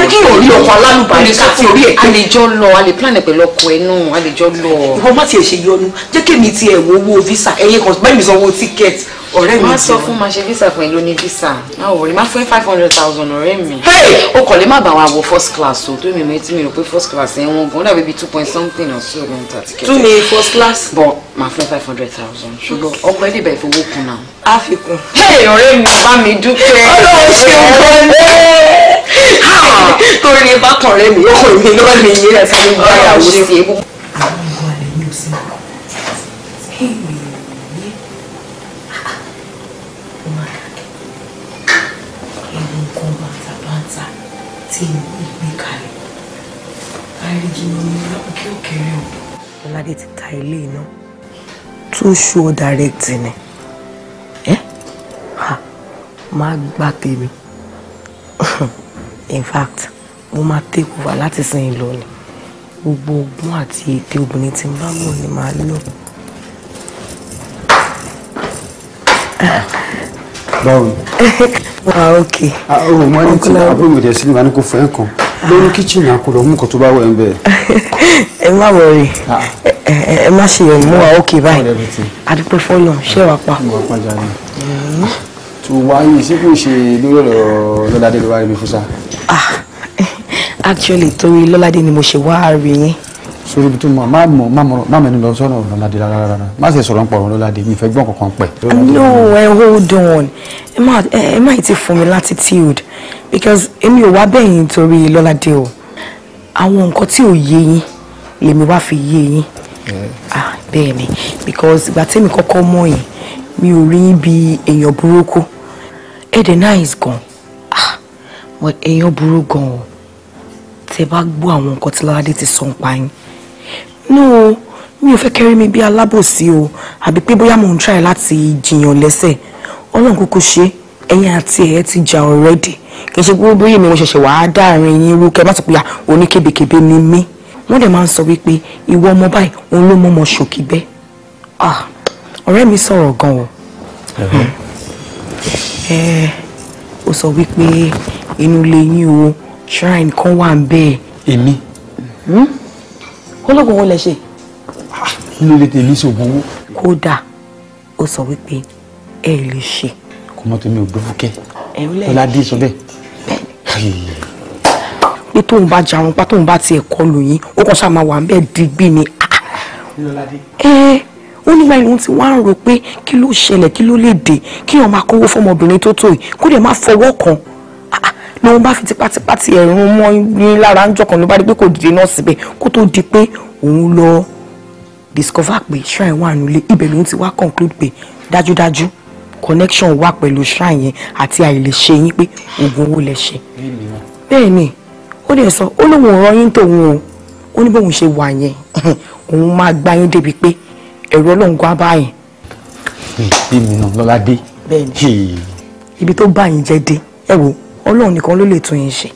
ní kí yóò rí ọkọ alálùbáyé káàkiri orí ẹ̀ pé. a lè jọ lọ a lè plan ẹ̀ pẹ̀lú ọkọ ẹ̀ náà a lè jọ lọ. ìwọ má tiẹ̀ ṣe yọnu jẹ́ kémi tiẹ̀ wo owó visa ẹ̀yẹ kan bẹ́ẹ̀ mi sanwó tíkẹ́ẹ̀tì ọ̀rẹ́ mi. má sọ fún máa ṣe visa fún ẹ ló ní visa máa wò rí má fún five hundred thousand ọ̀rẹ́ mi. o kò lè má bàa wọ first class o tó mi mọ etí mi rò pé first class ẹ wọn gan dàbí bíi two point something or so lóun ta ticket. tún ní first class. bọ máa fún five hundred thousand ṣùgbọ́n ọkọ ẹ dìbẹ̀ ìfowó kun náà. a fi kun. ọ̀rẹ́ mi bá mi dúpẹ́. ọlọ́run ṣe ń bọ́ ẹ́. torí bákan rẹ mi ọkọ mi náà lè yẹ ẹsẹ̀ mi báyàwó sí i. àwọn ọmọ rẹ mi ò sí. tí mo gbé kalẹ̀ àríjìnà mi lápòkè òkèèrè o. ọládé ti ta ilé iná tún ṣó direct ni ẹ máa gba tèmi in fact mo máa take over láti sin ìlọ ni gbogbo ogun àti ète obìnrin tí n bá mọ̀ ni màá lò báwo. wà á òkè. o mọ ní tí àbúrò mi dẹ̀ sí ni wà ní kò fẹ́ kan lórí kíchìnì àkùrọ̀ mú nǹkan tó bá wọ̀ ẹ́ ń bẹ̀. ẹ má wọrí ah. ẹ má ṣe yẹn mú wa òkè báyìí àdúgbò fọlọ ṣé wàá pa. tó wáyé ṣé kò ṣe lórí ọ̀rọ̀ lọ́ládé ló wá rí mi fún sá. Ah, actually torí lọ́ládé ni mo ṣe wá rí yín sórí ibi tó mọ má mọ má mọ má lọ sọnà ọ̀rọ̀ ládé rárá rárá sì sọ̀rọ̀ ń pọ̀ ọ̀rọ̀ ládé gbọ́n kankan pẹ̀. no ẹ hold on ẹ má ẹ má ti fún mi latitude because èmi ò wá bẹ́yìn torí lọ́ládé o àwọn nǹkan tí ò yé yín lèmi wá fi yé yín ah bẹ́ẹ̀ ni because ìgbà tẹ́mi kọ́kọ́ mọ̀ yín mi ò rí bí èèyàn burúkú ẹ̀dẹ̀ náà is gone ah èèyàn burú gan o tẹ́ bá gbọ́ àwọn nǹkan tí lọ́ládé ti sọ ń pa yín no mi ò fẹ́ kẹ́rí mi bí alábòsí o àbí pé bóyá mò ń try láti jiyàn lẹ́sẹ̀ ọlọ́run kúkú ṣe ẹ̀yin àti ẹ̀ ti jà already kì í ṣe gbogbo yìí mi mo ṣẹ̀ṣẹ̀ wàá dáàrin yín irú kẹ́ má sọ pé oníkebèkebè ni mí wọ́n dẹ̀ máa ń sọ wípé ìwọ ọmọ báyìí òun ló mọ́ ọmọ ṣòkìgbẹ́ ah ọ̀rẹ́ mi sọ̀rọ̀ gan o ẹ ó sọ wípé inú ilé yín o shrine kan wà ń bẹ́ẹ̀. èmi. Hmm? ológun wo lẹ ṣe. Ah, kí ló lè tẹ̀lé ìṣògùn owó. kódà ó sọ wípé ẹ lè ṣe. kò mọ tèmi ò gbé fúkẹ́ ọládé sọ bẹ́ẹ̀. pé tóun bá jarun pa tóun bá tiẹ̀ kọ lóyún ó kàn ṣáà máa wà bẹ́ẹ̀ digbí ni. Ah. ẹ ó nígbà yìí wọ́n ti wá ń rò pé kí ló ṣẹlẹ̀ kí ló lè dé kí wọ́n máa kówó fọmọbìnrin tó tó yìí kó dẹ̀ má fọwọ́ kan lòun bá fi tipátipá ti ẹ̀rùn mọ́ ní lára ń jọkàn ló bá rí pé kò dìde náà síbẹ̀ kó tó di pé òun lọ discover pé shrine wà nílé ibẹ̀ lòun ti wá conclude pé dájúdájú connection wà pẹ̀lú shrine yẹn àti àìlèṣe yín pé oògùn owó lẹ ṣe. bẹ́ẹ̀ ni ó dẹ̀ sọ ó lóun ò rán yín tòun o ó ní bóun ṣe wà yẹn òun máa gbá yín débi pé ẹ̀rọ ọlọ́run kó á báyìí. bí mi náà lọ́ládé. bẹ́ẹ̀ ni ibi tó báyìí jẹ́ dé ẹ wo ọlọ́run nìkan ló lè tún yín ṣe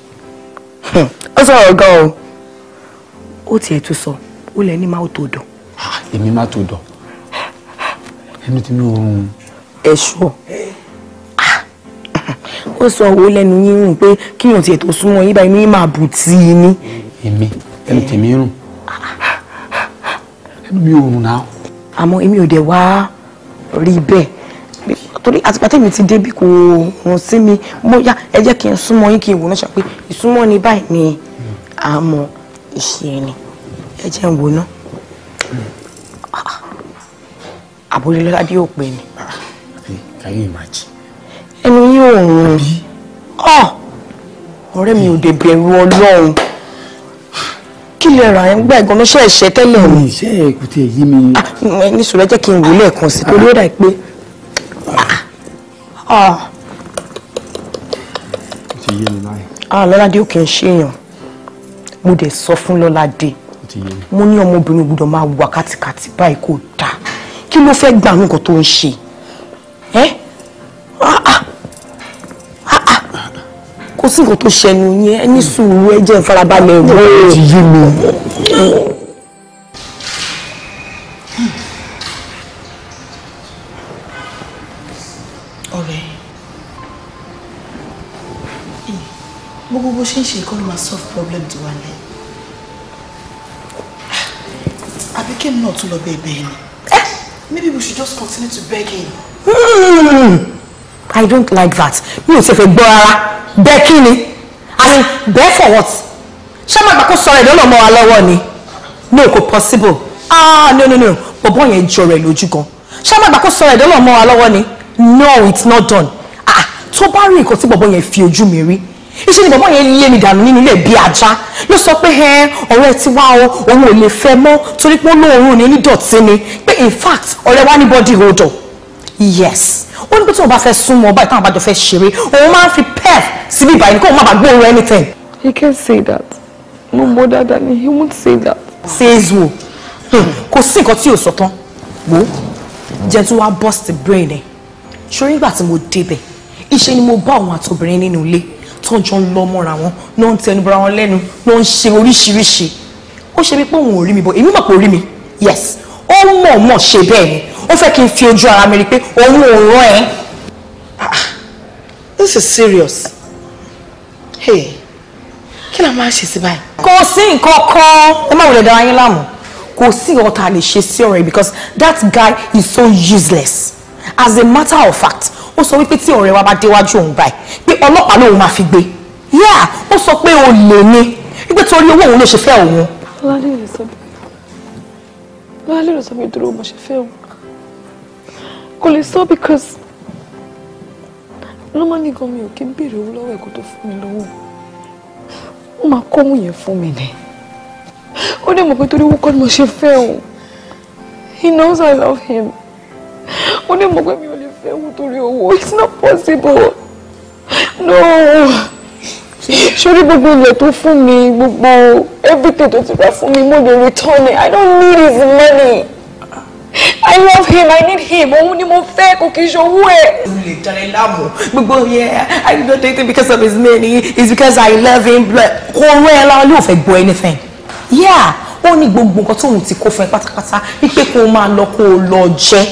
hmm, ó sọ̀rọ̀ gan o ó tiẹ̀ tún sọ ó lẹ ní máa tó dọ̀. èmi máa tó dọ̀ ẹnu tí mi ò rún. ẹ̀ṣọ́ ó sọ owó lẹ́nu yín rùn pé kíyàn tiẹ̀ tó súnmọ́ yín báyìí ní máa bù tí i ní. èmi ẹnu tèmi rùn ẹnu mi ò rùn náà. àmọ́ èmi ò dẹ̀ wá rí bẹ́ẹ̀ torí àtìgbà tèmi ti débi kò rùn sí mi mo yá ẹ jẹ́ kí n súnmọ́ yín kí n wò náà ṣe pé ìsúnmọ́ ni báyìí ni àmọ́ ìṣe ni ẹ jẹ́ n wò náà àbúrò lọ́ládé ò pè ní. kàyé ìmájì. ẹnu yín ò rùn ọ ọ̀rẹ́ mi ò dé bẹ̀rù Ọlọ́run kí lè ra ẹ̀ ń gbà ẹ̀gàn ló ṣe ẹ̀ṣẹ̀ tẹ́lẹ̀ mi. ṣé èkúté yí mi. Ah, ní sọ̀rọ̀ ẹ jẹ́ kí n wò lẹ́ẹ̀kan sí torí ó dà pé Ah. Ah. ti yé mi báyìí. ah lọ́ládé ò kì í ṣe èèyàn mo dẹ̀ sọ fún lọ́ládé mo ní ọmọbìnrin gbọ́dọ̀ máa wà kàtìkàtì báyìí kò dáa kí ló fẹ́ gbà nǹkan tó ń ṣe ẹ́ ah, kò sí nǹkan tó ṣẹnu yẹn ẹ ní sùúrù ẹ jẹ́ ìfarabalẹ̀ wọ́ọ́. solve problem tó wà lẹ́yìn àbí kí n náà tún maybe we should just continue to beg him. I don't like that You ò ṣe fẹ́ gbọ́ rárá I mean beg for what ṣé máa gbà kó sọ rẹ̀ lọ́nà mọ́ ni no kò possible ah no no no bọ̀bọ̀ yẹn jọ rẹ̀ lójú gan ṣé máa gbà kó sọ rẹ̀ lọ́nà mọ́ ni no it's not done ah to bá rí nǹkan tí bọ̀bọ̀ yẹn fi ojú mi rí iṣẹ́ ni bàbá yẹn lé mi dànù nínú ilé bíi ajá ló sọ pé ẹ ọ̀rẹ́ ti wá o òun ò lè fẹ́ mọ́ torí pé ó lóorùn ní onídọ̀tí ni pé in fact ọ̀rẹ́ wa ní body odor yes ó ní pé tí wọn bá fẹ́ súnmọ́ ọba ìtàn àbájọ fẹ́ ṣeré òun máa ń fi pef síbí ìbàyẹn kó o má bàa gbóòórùn anything. he can say that No mọ dáadáa ni he won't say that. says wo hmm, kò sí nǹkan tí yóò sọ tán wo jẹ́ tí wọ́n á bust brain ẹ̀ ṣorí ìgbà tí mo débẹ̀ iṣẹ́ ni mo bá òun àtobìnrin nínú ilé tọ́jọ́ ń lọ mọ́ra wọn náà ń tẹnubọ́ra wọn lẹ́nu náà ń ṣe oríṣiríṣi ó ṣe wípé òun ò rí mi bọ̀ èmi mọ̀ pé ó rí mi yes ó mọ̀ mọ̀ ṣe bẹ́ẹ̀ ni ó fẹ́ kí n fi ojú ara mi rí pé òun ò rán ẹ́ ah, ah. this is serious hey kí la máa ṣe sí báyìí. kò sí nǹkan kan ẹ má wulẹ̀ dára yín láàmú kò sí ọ̀tá lè ṣe sí ọ̀rẹ́ because that guy is so useless as a matter of fact ó sọ wípé tí ọ̀rẹ́ wa bá déwájú òun báyìí pé ọlọ́pàá lòun máa fi gbé yá ó sọ pé o lè ní wípé torí owó òun ló ṣe fẹ́ òun. lálẹ́ rẹ̀ sọ mi lálẹ́ rẹ̀ sọ mi dúró mo ṣe fẹ́ òun kò lè sọ because lọ́mọ́nì gan mi ò kí ń béèrè owó lọ́wọ́ ẹ̀ kó tó fún mi lọ́wọ́ ó máa kó òun yẹn fún mi ni ó dẹ̀ mọ̀ pé torí owó kọ́ ni mo ṣe fẹ́ òun he knows I love him ó dẹ̀ mọ̀ pé mi ẹ̀wù torí owó it's not possible no sórí gbogbo ilẹ̀ tó fún mi gbogbo everything tó ti rà fún mi mo lè return it i don't need his money i love him i need him òun ni mo fẹ́ kò kì í ṣòwò ẹ̀. o lè láàmú gbogbo yẹ i don't date him because of his money it's because i love him kò rún ẹ lára yóò fẹ́ gbọ́ anything yeah ó ní gbogbo nǹkan tóun ti kó fún ẹ pátápátá wípé kó o máa lọ kó o lọ jẹ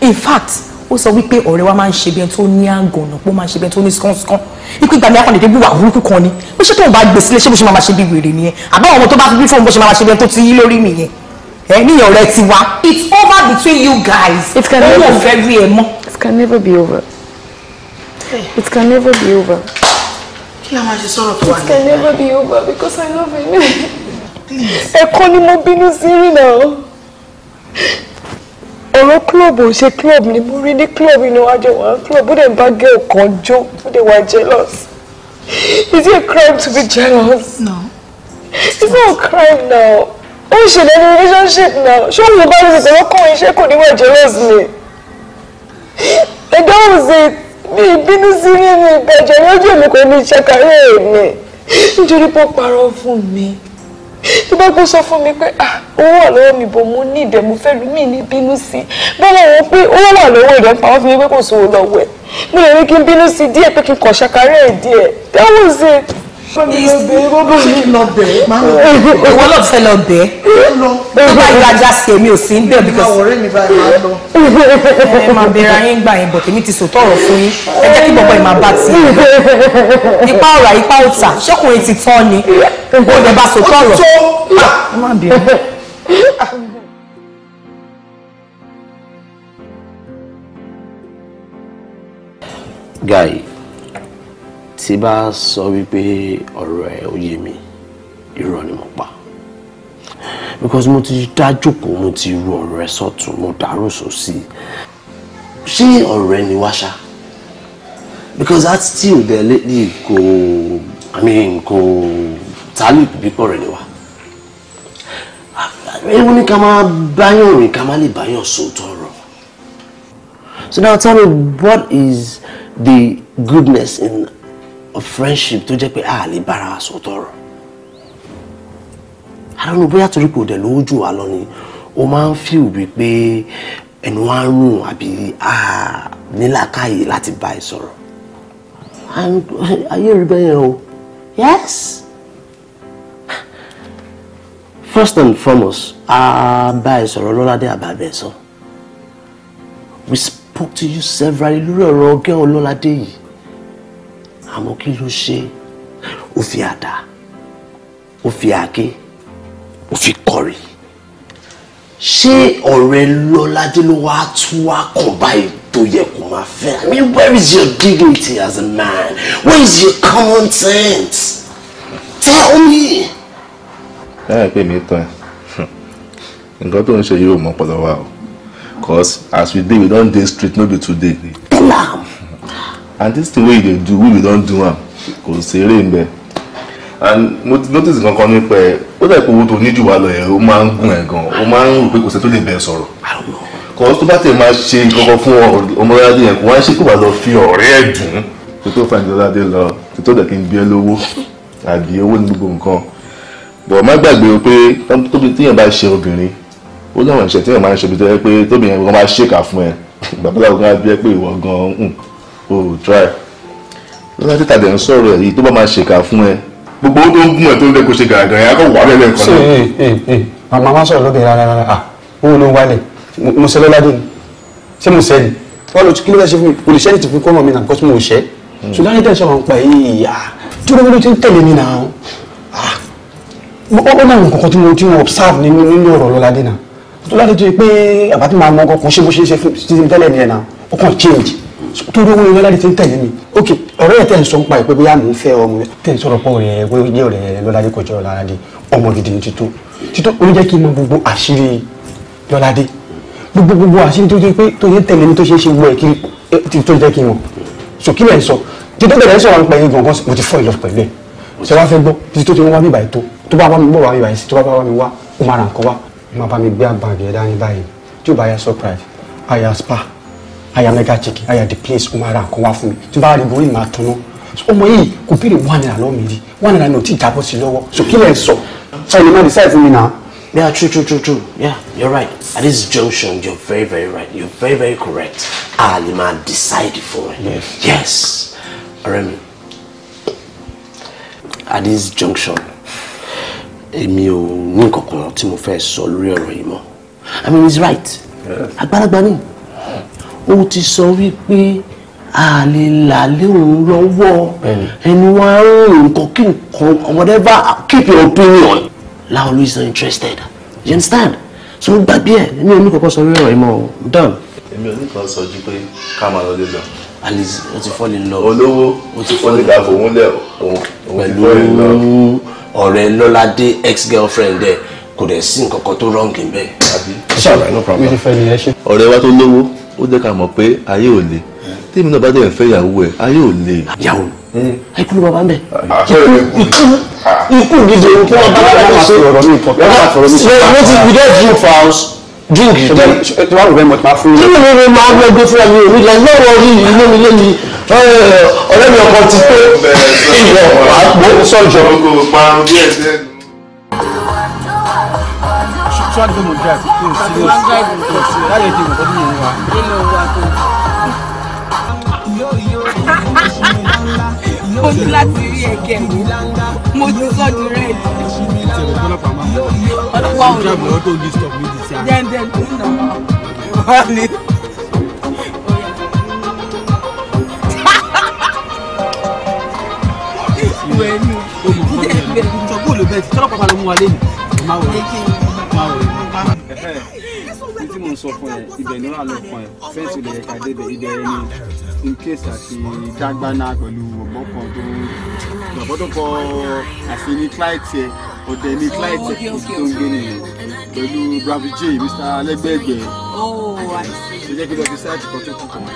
in fact ó sọ wípé ọ̀rẹ́ wa máa ń ṣe bí ẹni tó ní àgànà pé ó máa ń ṣe bí ẹni tó ní skánskán wípé ìgbà mi akọni wà burúkú kan ni ó ṣe tó ń bá gbè sílé ṣé bó ṣe máa ṣe bí wèrè nìyẹn àbáwọn ọmọ tó bá bí fóun bó ṣe máa ṣe bí ẹni tó ti yí lórí mi yẹn ẹ níyàn ọ̀rẹ́ ti wá it's over between you guys owó ọ̀fẹ́ rí ẹ mọ́. it can never be over it can never be over. kí a máa ṣe sọ̀rọ̀ tó wà ní. it can never be over because I love him. ẹ̀kọ́ ni mo bínú sí ọ̀rọ̀ club ò ṣe club ni mo rí ní club inú wájú wa club ó dẹ̀ ń bá girl kan jó ó dẹ̀ jealous is it a crime to be jealous? no it's not a crime now ó ń ṣẹlẹ̀ ní relationship now ṣé òun bá rí ìṣẹ̀lẹ̀ kọ́ iṣẹ́ kò ní wá jealous ni ẹ̀dá òsè mi ìbínú sí mi mi ìbẹ̀jẹ̀ lójú mi kò ní iṣẹ́ kárí ẹ̀ mi nítorí pé ó parọ́ fún mi tó bá gbọ́ sọ fún mi pé ah, owó wà lọ́wọ́ mi bò mo ní ìdẹ̀ mo fẹ́ lu mí ní bínú sí bọ́wọ́ wọn pé owó wà lọ́wọ́ ìdẹ̀ pa wọ́n fi pé kò sówó lọ́wọ́ ẹ̀ mo lè rí kí n bínú sí díẹ̀ pé kí n kọ̀ ṣàkárẹ̀ díẹ̀ that was it ìwọ ló fẹ́ lọ bẹ́ẹ̀ tó bá yọ ajá sí èmi ò sí ń bẹ́ẹ̀ because ẹ máa bẹ̀rẹ̀ ayé ń gbà yín bọ̀ tèmi ti sòtọ́ ọ̀rọ̀ fún yín ẹ jẹ́ kí bọ̀bọ̀ ìmọ̀ bá ti ipa ọ̀rà ipa ọ̀tà ṣọ́kùnrin ti tán ni ó lè bá sòtọ́ ọ̀rọ̀ Guy tí bá sọ wípé ọ̀rọ̀ ẹ̀ ó yé mi irọ́ ni mo pa because mo ti dájókòó mo ti ru ọ̀rọ̀ ẹ sọ̀tún mo dàrú sósì ṣé ọ̀rọ̀ ẹ ni wá ṣá because attitude there lately kò i mean kò tálí pípọ̀ rẹ̀ ni wá ewu ni ká máa báyọ̀ rìn ká má lè báyọ̀ sóòótọ́ ọ̀rọ̀ so now tell me what is the goodness in of friendship tó jẹ́ pé a lè bára wa sọ̀tọ̀ ọ̀rọ̀ àdánù bóyá torí kò dẹ̀ lówó jù wá o máa ń feel bí pé ẹnu wa ń rùn àbí a nílàkàyè láti bá ẹ sọ̀rọ̀ ayé rí bẹ́ẹ̀ yẹn o yes first and foremost a bá ẹ sọ̀rọ̀ lọ́ládé àbábẹ́ sọ we spoke to you several lórí ọ̀rọ̀ ọgẹ́ ọlọ́ládé yìí àmọ́ kí ló ṣe ó fi àdá ó fi àáké ó fi kọ̀rì ṣé ọ̀rẹ́ lọ́ládé ló tún wá kàn báyìí tó yẹ kó máa fẹ́ I mean where is your dignity as a man where is your common sense tell me. ẹ ẹ pé mi tán ẹ hm. nǹkan tó ń ṣe yìí ò mọ ọpọlọ wa o cause as we dey we don dey street no be today. tell am and this thing wey you dey do we we don do am kò ṣeré nbẹ and notice kankan nípa ẹ ó dà pé owó tó níjù wá lọ yẹn ó máa ń gùn ẹ gan ó máa ń rò pé kò sẹ́ tó lè bẹ̀ sọ̀rọ̀ kò tó bá tẹ̀ máa ṣe kankan fún ọmọdé yẹn kò wá ṣe kó bá lọ fi ọ̀rẹ́ ẹ̀ dùn kó tó fàǹdì lọ́dẹ lọ kó tó dẹ̀ kí n bí ẹ lówó àbí owó ní gbogbo nǹkan bọ̀ má gbàgbé o pé tóbi tíyẹn bá ṣe obìnrin ó láwọn ìṣẹ̀ tíyẹn máa ń ṣe obìnrin tó yẹ pé tóbi yẹn gan máa ṣèkà fún ẹ bàbá làwọn gan á bí ẹ pé ìwọ gan hmm o try lọ́dọ̀ títà dẹ̀ ń sọ̀rọ̀ èyí tó bá máa ṣèkà fún ẹ gbogbo owó tó ń gún ẹ tó ń lè kó ṣe gàgà ẹ akọ wà lẹ́lẹ̀ kan náà. Eh, eh, eh, màmá má sọ̀rọ̀ lóde rárá rárá ah, owó ló ń wálẹ̀ mo ṣe lọ́ládé ni ṣé mo ṣe ni wọ́n lọ kí ló fẹ́ ṣe fún mi kò lè ṣẹ́ ní tìfún kọ́mọ mi náà kọ́sí mo ṣẹ́ ṣùgbọ́n ní tẹ̀sán àwọn pa yìí yá dúró mi ló ti ń tẹ̀lé mi náà ah, ó náà nǹkan tí mo ti ń observe nínú nínú ọ̀rọ̀ lọ́ládé náà lọ́ládé tó yẹ pé àbátí máa mọ ọkọ̀ kan ṣé bó ṣe ṣe fún títí tẹ́lẹ̀ nìyẹn náà ó kàn change torí owó ìlọ́lá ti ń tẹ̀lé mi ok ọ̀rẹ́ yẹn tẹ̀ ń sọ ń pa ẹ̀ pé bóyá mò ń fẹ́ ọmọ rẹ tẹ̀ ń sọ̀rọ̀ pọ̀ rẹ̀ pé ó jẹ́ ọ̀rẹ́ rẹ lọ́ládé kò jẹ́ ọ̀làdé ọmọ gidi ni tító tító ó jẹ́ kí n mọ gbogbo àṣírí lọ́ládé gbogbo gbogbo àṣírí tó jẹ́ pé tó yẹ tẹ̀lé mi tó ṣe é ṣe wọ ẹ̀ kiri tó jẹ́ kí n mọ̀ so kí lẹ̀ ń sọ tító bẹ̀rẹ̀ ń sọ̀rọ̀ ń pa ẹ̀yìn gangan mo ti fọ́ ìlọ pẹ̀lú ẹ̀ ṣe wá fẹ́ gbọ́ títí tó ti wọ́n wá mi báyìí tó tó bá wá mi bọ̀ wá mi báyìí sí tó bá wá mi wá ó máa ra nǹkan wá ó máa bá mi gbé àgbàgbé ẹ̀dá ní báyìí tí ò bá yá surprise àyà spa aya mega chicken aya the place ó máa ra nǹkan wá fún mi tí n bá rí ibo yìí máa tanná ọmọ yìí kò béèrè wà nira lọ́wọ́ mi rí wà nira ni ò tí ì jábọ́ sí lọ́wọ́ so kí lẹ̀ sọ sọ ni decide for me now. Yeah, true, true, true, true. Yeah, you're right. At this junction, you're very, very right. You're very, very correct. Alima decided for it. Yes. Yes. Remy. At this junction, èmi ò ní nǹkan kan tí mo fẹ́ sọ lórí ọ̀rọ̀ yìí mọ́. I mean, he's right. Àgbàlagbà ni ó ti sọ wípé a lè là lé òun lọ́wọ́ ẹni wá ń rìn nǹkan kí nǹkan whatever keep your opinion la always interested you understand so gbàgbé ẹ èmi ò ní kọ́kọ́ sọ wíwọ̀ ìmọ̀ done. èmi ò ní kàn sọ ju pé ká máa lọ lé lọ. alice o ti fall in love. olówó o ti fall in love òun lẹ O, ti fall in love. pẹ̀lú ọ̀rẹ́ lọ́ládé ex girlfriend ẹ̀ kò dẹ̀ sí nǹkan kan tó rọ́ǹgì bẹ́ẹ̀. ọ̀rẹ́ wa tó lówó ó jẹ́ ká mọ̀ pé ayé ò le tí èmi náà bá dẹ̀ fẹ́ ìyàwó ẹ̀ ayé ò le. ìyàwó hmm. àìkú ló bàbá ń bẹ̀. Ah, ikú ikú gidi ikú ọba bàbá mi sọ ọ̀rọ̀ mi kọ̀ bẹ́ẹ̀ bá fọ̀rọ̀ mi sọ. wọ́n ti gbìdẹ́ drink for house drink dem. tí wàá rò bẹ́ẹ̀ mo ti máa fún yín. kí ni mo máa gbé gbé fún ẹ̀mí mi lẹ́yìn lọ́wọ́ rí inú mi lé mi ọ̀rẹ́ mi ọkọ ti pé ìyọ̀ àpò sọ̀jọ̀ wàá gbé mo drive kò sí o kò sí láyé ti mọ̀ tọ́jú ìwọ wa. mo ní láti rí ẹ̀kẹ́ mo ti sọ di red. ọlọ́pàá ò lè mọ̀ dẹ́ndẹ́n tó ń nà. ẹnu. Sọ kúrò lóbẹ̀ tí tọ́lọ́pàá ló mú wa lé mi. Má wọlé. Má wọlé ní tí mò ń sọ fún ẹ ibẹ̀ ní wà lọ fún ẹ fẹ́ǹsì lè in case àti dágbáná pẹ̀lú ọ̀gbọ́n kan tó bàbá tó kọ àfi ní client ẹ ọ̀dẹ̀ ní client ẹ tó ń gbé nìyẹn pẹ̀lú j mr alẹ́gbẹ̀ẹ́gbẹ̀ẹ́ ṣe oh, jẹ́ kí lọ́ọ́ fi sáàtì kan tó kù kàn wá.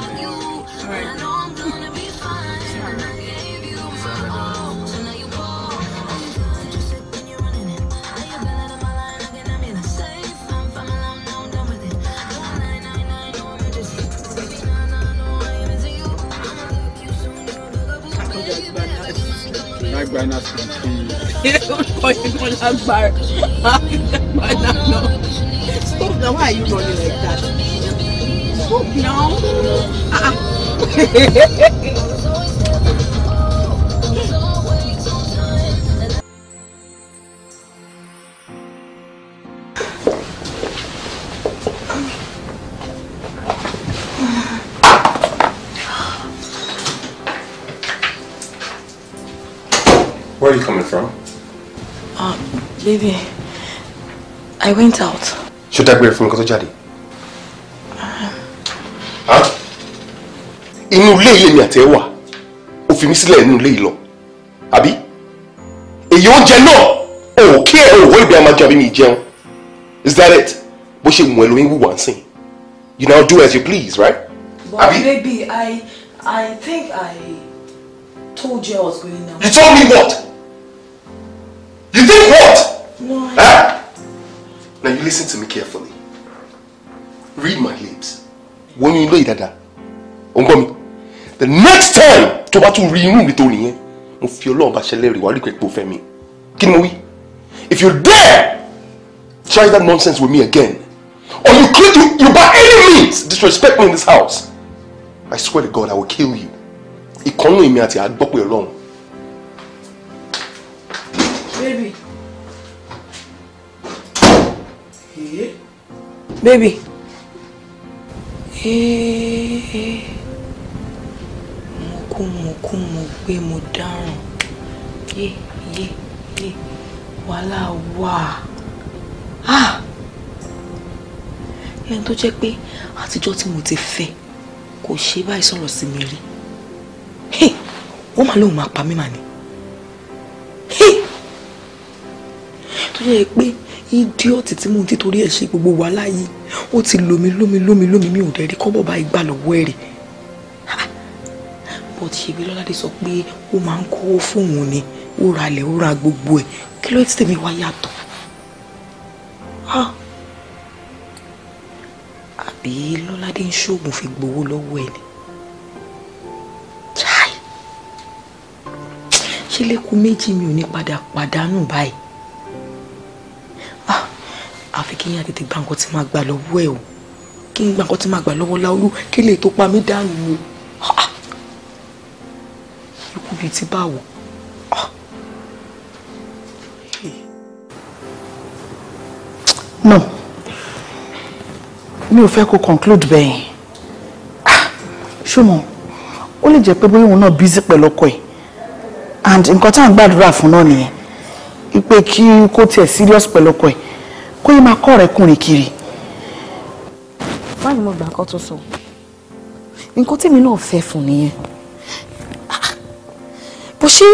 gbaina sí i. ilé orúkọ yìí kan lágbára gbaina náà. stop na why are you running like that? stop now. Ah, ah. Baby, I went out. Should I dágbére fún mi kó tó jáde? Inú ilé ilé mi àti ẹ wà, o fi mi sílẹ̀ inú ilé yìí lọ, àbí? Èyí oúnjẹ náà, o kí ẹ o wọ ìgbé àmàjọ mi jẹun. Is that it? Bó ṣe mú ẹ lóyún You now do as you please, right? But baby, I, I think I told you I was going now. You told me what? You think what? Why? Ah! Now you listen to me carefully. Read my lips. When you know it, Ò ń The next time tó bá tún rí inú mi tó nìyẹn, mo fi Ọlọ́run bá ṣẹlẹ̀ rí wàá rí pé If you dare try that nonsense with me again or you create you, you by any means disrespect me in this house, I swear to God I will kill you. Ìkànnì èmi àti àgbọ̀pẹ̀ Ọlọ́run. baby mo kú mo kú mo gbé mo dáràn yé yé yé wàhálà wà á ah! lẹ́yìn tó jẹ́ pé àtijọ́ tí mo ti fẹ́ kò ṣe báyìí sọ̀rọ̀ sí mi rí wọ́n máa lóun máa pa mí mà ní tó jẹ́ pé idiọ́tì tí mo ti torí ẹ̀ ṣe gbogbo wa láyé ó ti lomi lomi lomi lomi mi ò dẹ̀ rí kọ́bọ̀ bá igbá lọ́wọ́ ẹ̀ rí but ṣèbí lọ́ládé sọ pé ó máa ń kówó fóun ni ó ralẹ̀ ó ra gbogbo ẹ̀ kí ló ti tèmi wá yàtọ̀ àbí lọ́ládé ń ṣoògùn fi gbowó lọ́wọ́ ẹ̀ ni ṣe lẹ́kùn méjì mi ò ní padà pàdánù báyìí kí n yà tètè gba nǹkan tí màá gbà lọ́wọ́ ẹ̀ o kí n gba nǹkan tí màá gbà lọ́wọ́ Láolú kí lè tó pa mí dànù o ah, ikú bíi ti báwo. Ah. no mi ò fẹ́ kó conclude bẹ́yìn ah, ṣùgbọ́n ó lè jẹ́ pé bóyá òun náà busy pẹ̀lú ọkọ ẹ̀ and nǹkan tá à ń gbàdúrà fún náà nìyẹn ipe kí kó tiẹ̀ serious pẹ̀lú ọkọ ẹ̀ kó yẹ máa kọ́ rẹ̀ kùnrin kiri. báyìí mo gbà kọ́ tó sọ nǹkan tèmi náà fẹ́ fún nìyẹn bó ṣe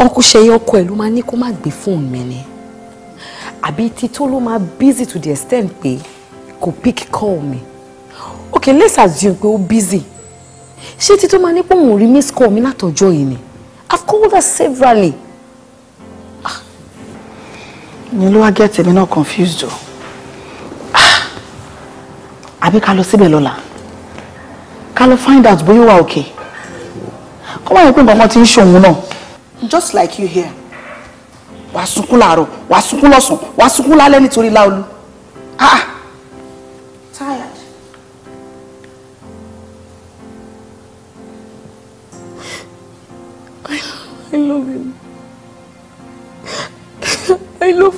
ọkọ ṣẹyẹ ọkọ ẹ ló máa ní kó má gbé fóònù mi ni àbí tító ló máa busy to the extent pé kò pick call mi okay let's assume pé ó busy ṣé tító máa ní pé rí miss call mi látọjọ́ yìí ni I've called her severally ni ló wá gẹ́ tèmi náà confused o ah! àbí ká lọ síbẹ̀ lọ́la ká lọ find out bóyá wà òkè kó má yẹ pé nǹkan kan ti ń ṣòun náà just like you here wàá sunkún làárọ̀ wàá sunkún lọ́sàn-án wàá sunkún lálẹ́ nítorí láolú ah tired.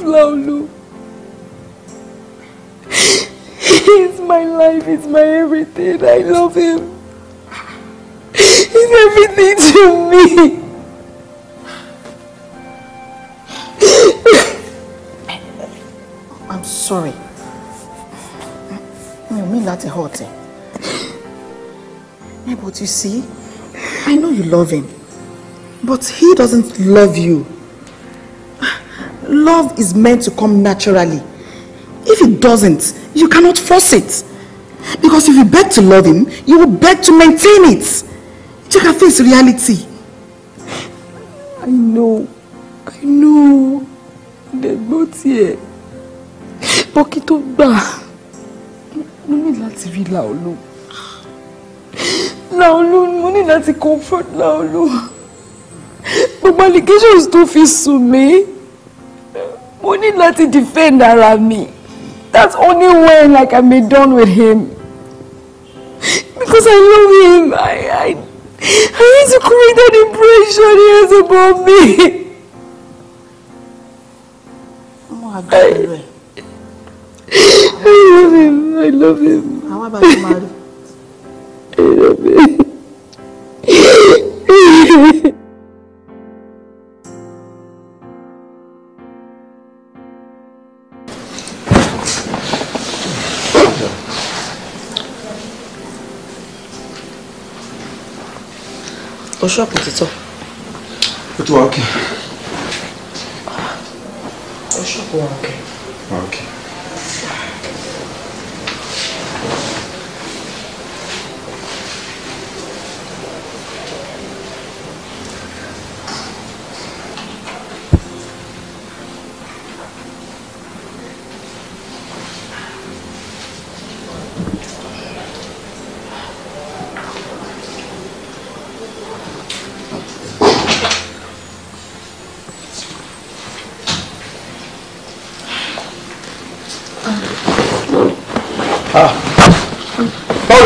Laulu. He's my life, he's my everything. I love him. He's everything to me. I'm sorry. You ò mean láti hurt ẹ. Yeah, but you see, I know you love him. But he doesn't love you love is meant to come naturally. If it doesn't, you cannot force it. Because if you beg to love him, you will beg to maintain it. You can face reality. I know. I know. Dẹ̀gbọ́n tiẹ̀. Bọ́kí tó gbà. Mo ní láti rí Láolú. Láolú no need to comfort But my allegations don't feel so me mo ní láti defend ara mi that's only when like i'm be done with him because i love him i i i need to create an impression he has about me. i love him i love him. How about you, rí. fọ ṣọ́ọ̀pù títọ̀. ó ti wà ókè. ó ṣọ́ọ̀pù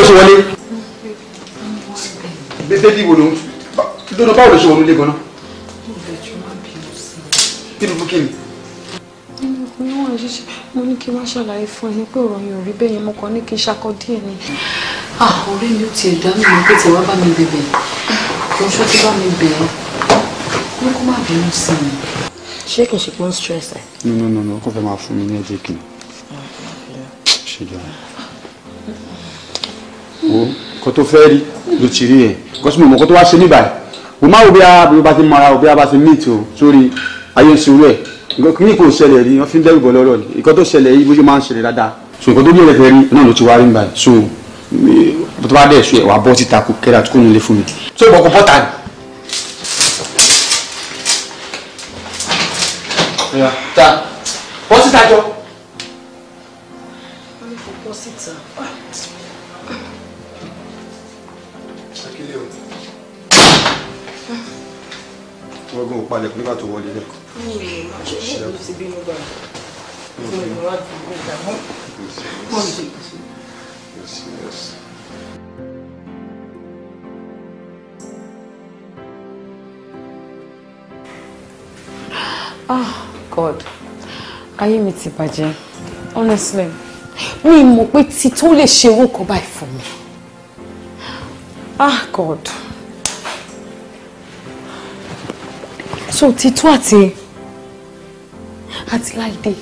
ló ṣe wọlé bébí wo ló ń dúró báwo ló ṣe wọlé gan-an. kí ni fún kí ni. mo ní kí wá ṣàlàyé fún ẹni pé ọ̀rọ̀ yẹn ò rí bẹ́ẹ̀ yẹn mo kàn ní kí n ṣakọ díẹ̀ ni. ọ̀rẹ́ mi ò tiẹ̀ dá mi lóko tí wàá bá mi bẹ̀bẹ̀ kí n ṣó bá mi bẹ̀ ẹ́ ní kó má bínú sí mi. ṣé kì í ṣe pé ó ń stress ẹ. no no no kó fẹ́ máa fún mi ní ẹ̀jẹ̀ kì í ṣe jọ̀ọ́ wo kó tó fẹ́ rí ló ti rí yẹn kó sì mọ̀ kó tó wá ṣe ní ìbàdàn mo máa wo bí a bá ti mara o bí a bá ti meet o sórí ayé ìṣòro ẹ̀ ní kò ṣẹlẹ̀ rí wọ́n fi ń dẹ́rù bọ̀ lọ́rọ̀ ni nǹkan tó ṣẹlẹ̀ yìí bó ṣe máa ń ṣẹlẹ̀ dáadáa so nǹkan tó bí ẹ̀rẹ̀fẹ̀ rí náà ló ti wá rí nígbà so tó bá dẹ̀ so ẹ̀ bọ́ títa kò kẹ́ra tó kò nílé fún mi. tó bọ̀ kó bọ́ta ni. palẹ̀ nígbà tó wọlé lẹ́kọ̀ọ́. mi ì ṣe é ti bínú gbà mo ì mọ́ àti ìgbà mọ́ ah god ayé mi ti bàjẹ́ honestly mi mọ̀ pé ti tó lè ṣe owó kan báyìí fún mi ah god. so ti ati àti ẹ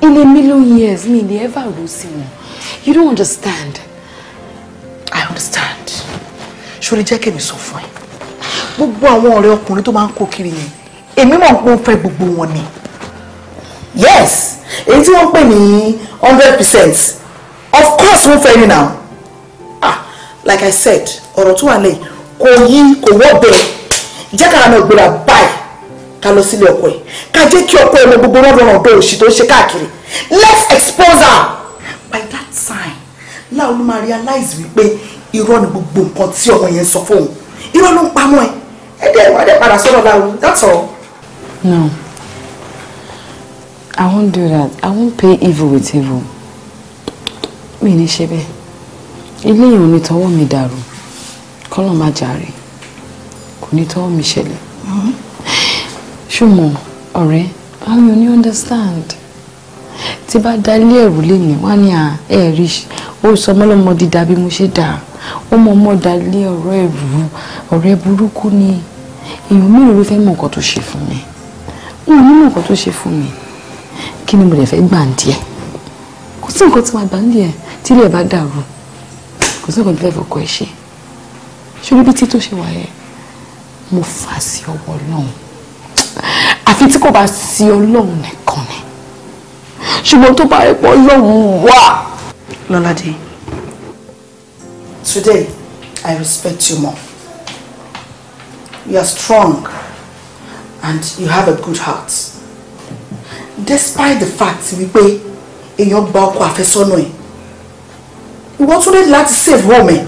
in a million years me ni ever ro sí you don't understand i understand ṣòro jẹ́ kí èmi sọ fún ẹ gbogbo àwọn ọ̀rẹ́ ọkùnrin to ma ń kó kiri yẹn èmi mọ̀ pé ó fẹ́ gbogbo wọn ni yes èyí tí wọ́n pè ní hundred percent of course wọ́n fẹ́ yín now ah like i said ọ̀rọ̀ tó wà lẹ́yìn kò yí kò wọ́ bẹ́ẹ̀ jẹ́ kára náà gbéra báyìí ká lọ sílé ọkọ ẹ̀ ká jẹ́ kí ọkọ ẹ̀ mọ gbogbo rọ́dọ̀rọ̀ ọ̀dọ̀ òṣì tó ń ṣe káàkiri let's expose her. by that time láwọn máa realize wípé irọ́ ni gbogbo nǹkan tí ọmọ yẹn sọ fóun irọ́ ló ń pamọ́ ẹ̀ ẹ̀ dẹ̀ wọ́n dẹ̀ padà sọ́dọ̀ láwọn that's all. no i won't do that i won't pay evil with evil mi ní ṣe bẹ́ẹ̀ ilé ìrùn ni tọwọ́ mi dàrú kọ́lọ́ má jàre kò ní tọ́wọ́ mi ṣẹlẹ̀ mm-hmm. ṣùgbọ́n ọ̀rẹ́ àwọn èèyàn ní understand tí bá da ilé ẹ̀rù lèmi wá ní à ẹ̀ rí ó sọ mọ́lọ́mọ dídá bí mo ṣe dà ó mọ ọmọ da ilé ọ̀rọ̀ ẹ̀rù ọ̀rẹ́ burúkú ni èèyàn mélòó ló fẹ́ mọ nǹkan tó ṣe fún mi n ò ní mọ nǹkan tó ṣe fún mi kí ni mo lè fẹ́ gbà ń díẹ̀ kò sí nǹkan tí màá gbà ń díẹ̀ tí ilé ẹ̀ bá dàrú kò sí nǹkan tí lè fọkọ ẹ̀ ṣe ṣé ibi tí tó ṣe wà yẹn mo fà sí ọwọ́ ọlọ́run àfi tí kò bá sí ọlọ́run nìkan ni ṣùgbọ́n tó bá rẹpọ̀ ọlọ́run wà. lọ́ládé today I respect you more you are strong and you have a good heart despite the fact wípé èèyàn gba ọkọ àfẹ́sọ́nà ẹ̀ ìwọ tún lè láti save home ẹ̀.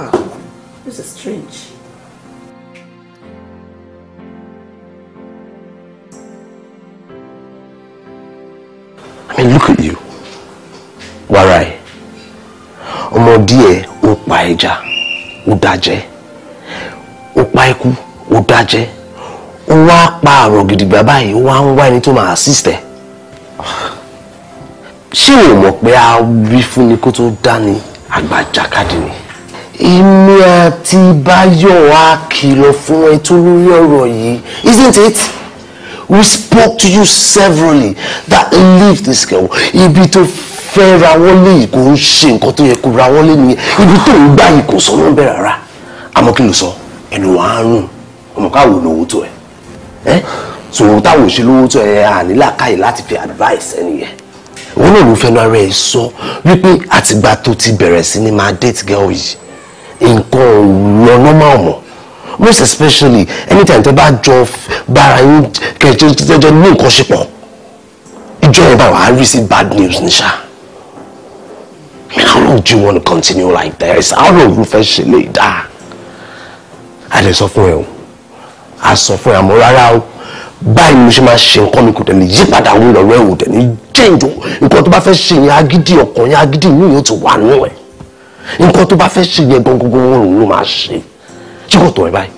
ah this is strange. I mean, look at you. Warai. Ọmọ díẹ̀ ó pa ẹja, ó dájẹ́. Ó pa ikú, ó dájẹ́. Ó wá pa àrọ̀ gidigba báyìí, ó wá ń wá ẹni tó máa assist ẹ̀. Ṣé o mọ̀ pé a wí fún ni kó tó dání àgbàjàkadì ni? Èmi àti Báyọ̀ wá kìlọ̀ fún ẹ tó lórí ọ̀rọ̀ yìí, isn't it? we spoke to you severally that leave this girl ibi tó fẹ́ ra wọlé kò ń ṣe nǹkan tó yẹ kó ra wọlé nìyẹn ibi tó ń gbà yìí kò sọ wọn bẹ̀rẹ̀ rárá àmọ́ kí ló sọ ẹnu wàá ọmọ káwọ lówó tó ẹ sòwò táwọn ṣe lówó tó ẹ ànílà káyè láti fi advice ẹ nìyẹn òun náà ló fẹnu ara ẹ sọ wípé àtìgbà tó ti bẹ̀rẹ̀ sí ni máa date girl yìí nǹkan ò lọ normal mọ́ most especially anytime tẹ bá jọ bára yín kẹjọ tẹjọ ní nǹkan ṣe pọ̀ ìjọ yẹn báwa á rí sí bad news ní how long do you want to continue like this how long you fẹ́ ṣe lè dá a lè sọ fún ẹ o a sọ fún ẹ àmọ́ rárá o báyìí mo ṣe máa ṣe nǹkan mi kò tẹ̀lé yípadà òun lọ́rọ́ ẹ̀ ò tẹ̀lé jẹ́ǹjọ́ nǹkan tó bá fẹ́ ṣe yẹn agídí ọkàn yẹn agídí inú yóò ti wà nù ẹ̀ nǹkan tó bá fẹ́ ṣe yẹn gbọ̀ngbọ̀ngbọ̀n ló máa ṣe ṣé kò tọ̀ ẹ́ báyìí.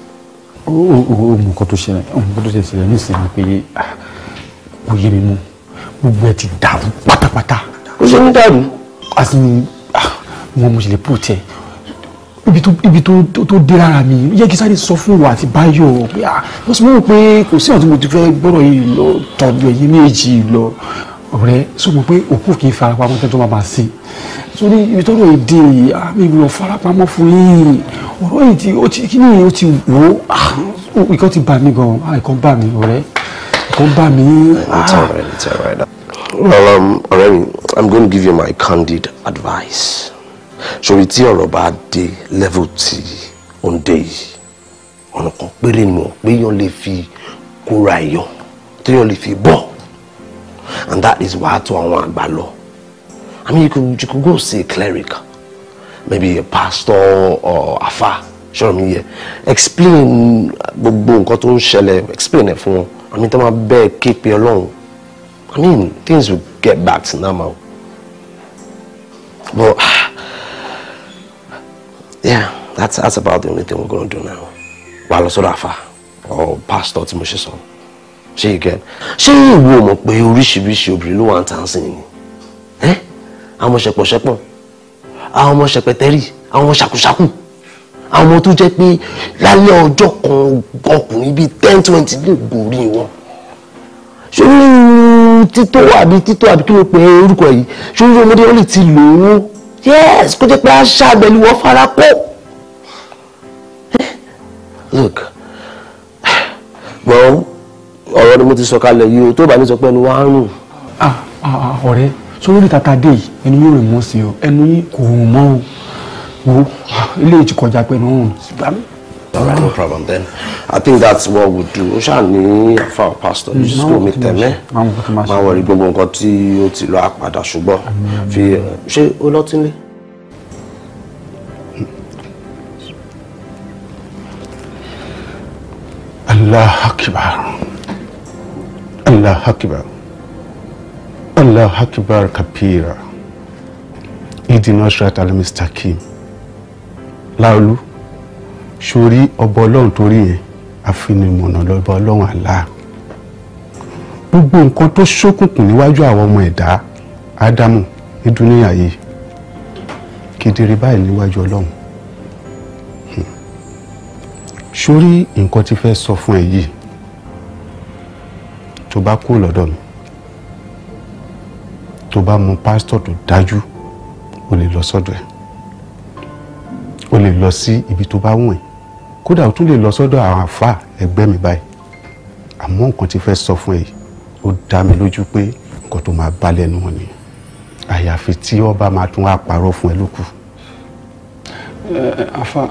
o mú nǹkan tó ṣẹlẹ̀ nǹkan tó ṣẹlẹ̀ nísìnyí pé kò yé mi mú gbogbo ẹ ti dàrú pátápátá. o ṣe ń dàrú. àsìmí wọn mo ṣe lè pò tẹ ibi tó ibi tó tó dé lára mi yẹ kí sáré sọ fún wa àti báyọ̀ pé ah wọ́n sọ fún mi pé kò sí àwọn tí mo ti fẹ́ gbọ́dọ̀ yìí lọ tọ́jú ẹ̀yìn méjì lọ ọ̀rẹ́ sọ mọ̀ pé òkú kì í farapamọ́ tẹ́tọ́ máa máa sí sórí ibi tọ́rọ̀ èdè àmì ah, ìwọ farapamọ́ fún yín ọ̀rọ̀ yìí ti ó ti kíni ó ti wò ó ìkọ́ ah, ti bà mí gan ìkọ́ ah, bà mí ọ̀rẹ́ ìkọ́ bà mí. it's alright it's alright. well um, ọ̀rẹ́ mi i'm going to give you my candid advice sórí tí ọ̀rọ̀ bá dé level tí ó ń dé yìí ọ̀nà kan péré ni mo pé yàn lè fi kóra ẹ̀yàn téèyàn lè fi bọ̀ and that is wàá tó àwọn àgbà lọ i mean you could, you could go see a cleric maybe a pastor or afa sọ̀rọ̀ mi yẹ explain gbogbo nǹkan tó ń ṣẹlẹ̀ explain ẹ̀ fún wọn i mean tó máa bẹ́ẹ̀ ké pe ọlọ́run i mean things will get back to normal but yeah that's that's about the only thing we're gonna do now wàá lọ sọ́dọ̀ afa or pastor tí mo ṣe sọ. So ṣé ìkẹ́ ṣé ìwọ mọ̀ pé oríṣiríṣi obìnrin ló wà ń tàn sìn ni àwọn ọmọ ṣẹpọ̀ṣẹpọ̀ àwọn ọmọ ṣẹpẹtẹ́rì àwọn ọmọ ṣàkúṣàkù àwọn ọmọ tó jẹ́ pé lálẹ́ ọjọ́ kan ọkùnrin bíi ten twenty lè gòrí wọn ṣé títọ́ àbí títọ́ àbí kí ló pe orúkọ yìí ṣé orí ọmọdé wọn lè ti lò ó yes kó jẹ́ pé aṣá àgbẹ̀lú wọn fara pọ̀ look well ọ̀rọ̀ ni mo ti sọ kalẹ̀ yìí o tó bá mi sọ pé ẹnu wa ń rùn. Ah, ah, ah, ọ̀rẹ́ sórí tata dé yìí ẹnu yóò rìn mọ́ sí o ẹnu yìí kò rùn mọ́ o wo ilé ìtì kọjá pé ẹnu rùn sí gbà mí. no problem then i think that's what we do ó ṣáà ní àfa ò pastor you mm, just go meet them ẹ máa wọrí gbogbo nǹkan tí ó ti lọ àpàdà ṣùgbọ́n fi eh, ṣe ó lọ́tí nílé. Allah akbar allah akbar allah akbar kabira idina shrat alamistakim láolú sórí ọba ọlọ́run torí yẹn àfinimọ̀nà lọ́ba ọlọ́run àlá gbogbo nǹkan tó ṣókùnkùn níwájú àwọn ọmọ ẹ̀dá ádámù ní dúníyà yìí kedere báyìí níwájú ọlọ́run sórí nǹkan tí tó bá kú lọ́dọ̀ mi tó bá mọ pásítọ̀ tó dájú o lè lọ sọ́dọ̀ ẹ̀ o lè lọ sí ibi tó bá wùn ẹ́ kódà o tún lè lọ sọ́dọ̀ àwọn àfáà ẹgbẹ́ mi báyìí àmọ́ nǹkan tí fẹ́ sọ fún ẹ yìí ó dá mi lójú pé nǹkan tó máa bá lẹ́nu wọn nìyẹn àyàfi tí ọba máa tún wá fún ẹ lókù. ẹ afa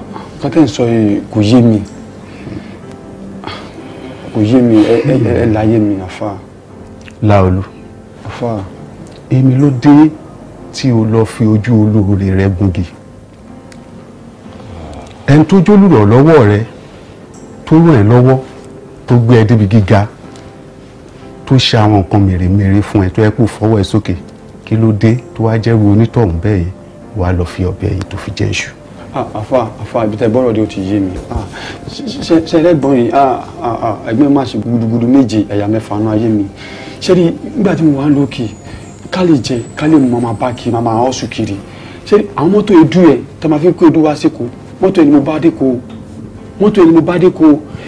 kọ́tẹ́ ń sọ yìí kò yé mi kò yé mi ẹ láyé mi àfa. láolú. àfa. èmi ló dé tí o lọ fi ojú olóore rẹ gungi ẹni tó jólùrọ̀ lọ́wọ́ rẹ tó ràn ẹ́ lọ́wọ́ tó gbé ẹ débi gíga tó ṣe àwọn nǹkan mèremère fún ẹ tó ẹ kó fọwọ́ ẹ sókè kí ló dé tó wá jẹ́rú onítọ̀hún bẹ́ẹ̀ yẹn wàá lọ fi ọ̀bẹ yìí tó fi jẹ́ iṣu àfa ah, àfa ìbítẹ́ bọ́rọ̀ de ó ti yé mi ah, ṣẹlẹ́gbọ̀n yìí ah, ẹgbẹ́ má ṣe gudugudu méje ẹ̀yà mẹ́fà náà yé mi ṣẹ́ni nígbà tí mo wà lókè ká lè jẹ ká lè mọ máa bá kiri máa máa ọ̀sùn kiri ṣẹ́ni àwọn mọ́tò edu ẹ̀ tó máa fi kó edu wá síkò mọ́tò ẹni mo bá dé kó mọ́tò ẹni mo bá dé kó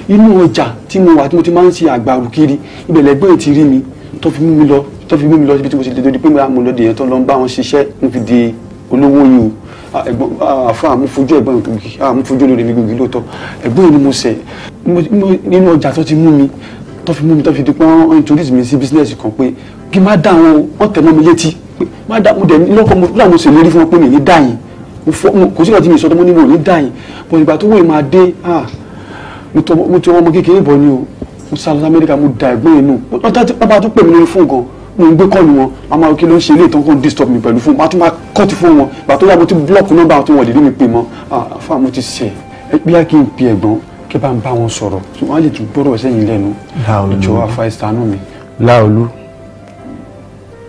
inú ọjà tí mo wà tí mo ti máa ń ṣe àgbàrù kiri ìbẹ̀lẹ̀gbọ́n ẹ̀ ti rí mi tó fi mú mi lọ tó fi mú mi lọ síbi tí mo ti lè dodi pé mo lọ dèèyàn tó lọ àfa ah, àmúfojú ẹ̀gbọ́n gbòógì ah, àmúfojú ah, olórí mi gbòógì lóòótọ́ ẹ̀gbọ́n ni mo ṣẹ̀ nínú ọjà tó ti mú mi tó fi mú mi tó fi di pé wọ́n introduce mi sí bísínẹ́sì kan pé kí má dá àwọn wọ́n tẹ̀ mọ́ mi létí pé má dá mo dẹ̀ lọ́kọ̀ mo láwọn ṣe lérí fún wọn pé mi ní dá yín kò sí ìgbà tí mi sọ tó mọ́ ní mo ní dá yín ìgbà tó wọ́n máa dé mo tọ́ ọmọ kékeré bọ̀ ni o mo sá lọ sí Amẹ́ríkà mo da ẹ̀gbọ́n yẹn nù ọ̀tá tí wọ́n bá tún pè mí lórí fún gan mo ń gbé kọ́ọ̀lù wọn a máa kí ló ń ṣe ilé ìtàn kan disturb mi pẹ̀lú fún wọn a tún máa kọ́ọ̀tì fún wọn gbà tó yà mo ti búlọ́ọ̀kì nọ́mbà tó wọ̀n dédé mi pè mọ́ àfa mo ti ṣe ẹ bí a kì í pe ẹ̀gbọ́n kí bá ń bá wọn sọ̀rọ̀ tí wọ́n á lè tún gbọ́dọ̀ sẹ́yìn lẹ́nu ìjọ afa ìsànú mi. láolú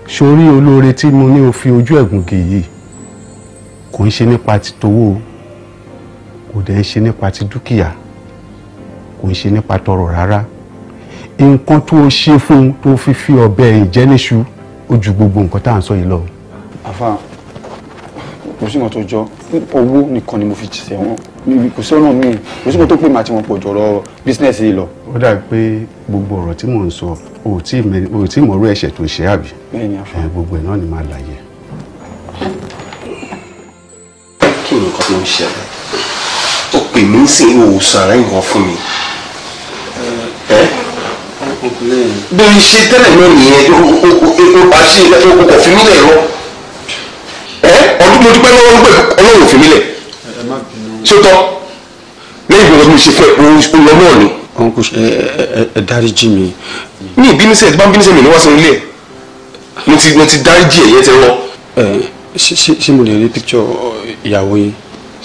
sórí olóore tí mo ní o fi ojú ẹ̀gùn gì yìí kò ń ṣe nípa ti towó kò dẹ̀ ń ṣe nípa ti dúkìá kò ń ṣe nípa tọrọ rárá nǹkan tó o ṣe fún un tó fi fi ọ̀bẹ ìjẹ́niṣu ó ju gbogbo nǹkan tá à ń sọ yìí lọ. àfa kò sí nǹkan tó jọ owó nìkan ni mo fi ṣiṣẹ́ wọn kò sí ọ̀nà míì kò sí nǹkan tó pè mà tí wọ́n pọ̀ jọ̀rọ̀ bísínẹ́sì yìí lọ. ó dàbí pé gbogbo ọ̀rọ̀ tí mò ń sọ o ò tí ì mọ̀rú ẹ̀ṣẹ̀ tó ṣe àbí gbogbo ẹ̀ náà ni màá láyé. kí ni nǹkan tó ń ṣẹlẹ̀ ó pè mí sí òòsàn rẹ̀ nǹkan bí n ṣe tẹ́lẹ̀ náà nìyẹn àṣì ọkọ̀ fi mí lẹ̀ lọ ẹ ọdún mo dúpẹ́ lọ́wọ́ pé ọlọ́run fi mí lẹ̀ sótọ́ lẹ́yìn ìgbà mi ṣe fẹ́ olùlọ náà ni. ẹ dáríjì mi. ní ìbínú sẹ́ẹ̀ bá ń bínú sẹ́ẹ̀ mi ní wá sí ilé ẹ̀ mo ti mo ti dáríjì ẹ̀yẹ tẹ wọ́. ṣé mo lè rí píkṣọ ìyàwó yín.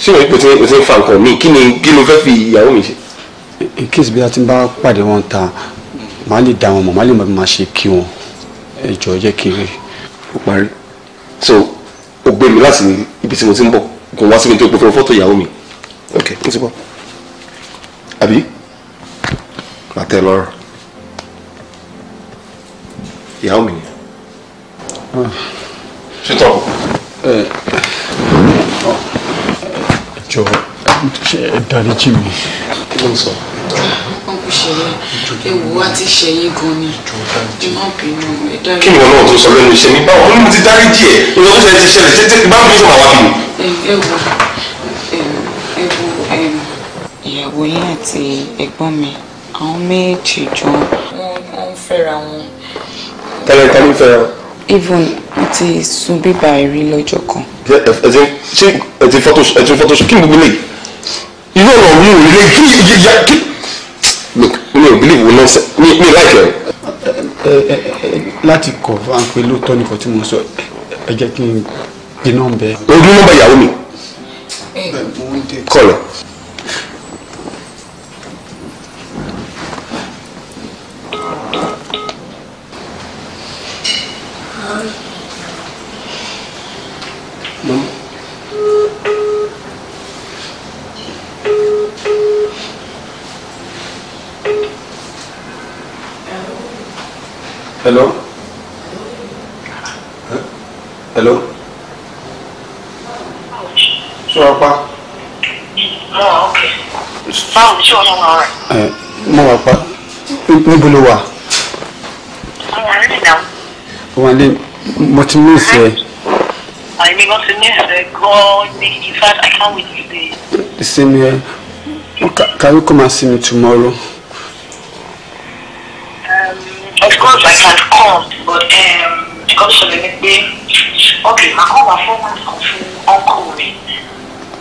ṣé o ti o ti ń fa nǹkan mi kí ni kí ni o fẹ́ fi ìyàwó mi ṣe. in case bí a ti bá pàdé wọn ta màá lè dá wọn mọ̀ màá lè mọ̀ bí màá ṣe kí wọn ẹ jọ̀ọ́ jẹ́ kí n rí. ó parí so ó gbé mi láti ibi tí mo ti ń bọ̀ kò wá síbi tó gbé fún fọ́tò ìyàwó mi ok n ti bọ̀ àbí àtẹ lọ́rọ̀ ìyàwó mi ni. ṣé tọ́ jọ̀ọ́ dáríjì mi. kí ló ń sọ kú ṣẹyìn ewu wa ti ṣẹyìn gan ni ìmọ̀ bínú ẹ̀dá rẹ̀. kí ni wọn náà tó sọ lẹ́nu iṣẹ́ mi báwo ni mo ti dárí díẹ̀ ìwọ tó ṣẹlẹ̀ ti ṣẹlẹ̀ tètè báwo ni yóò máa wá bí. ewu ewu ìyàwó yín àti ẹ̀gbọ́n mi àwọn méjì jọ wọ́n ń fẹ́ra wọn. tẹ́lẹ̀ tẹ́lẹ̀ fẹ́ra. even àti sun bíbá ẹ̀rí lọ́jọ́ kan. ẹ ti fọ́tò ṣe kí ni gbogbo lè irú ọ̀rọ̀ mi ò lè kí mi ò believe wo nọ́ọ̀sẹ̀ mi mi láìpẹ́. láti kọ̀ fún pé lóòótọ́ nìkan tí mo sọ ẹ jẹ́ kí n gbé nọ́mbà. o dún nọ́mbà ìyàwó mi. kọlọ. hello hello So, wàá pa. báwo ni ṣé o yàn wọn rẹ. mo wà pa níbo ló wà. mo wà nílẹ̀ náà. wà ní mo ti mú ìfẹ́. àìní mo ti mú ìfẹ́ gan-an ní in fact I can't wait today. the same here can you come and see me tomorrow. Um, of course I can come but nǹkan tó ṣẹlẹ̀ ni pé ok màá kọ́ wà fún ọkọ̀ fún ọkọ̀ mi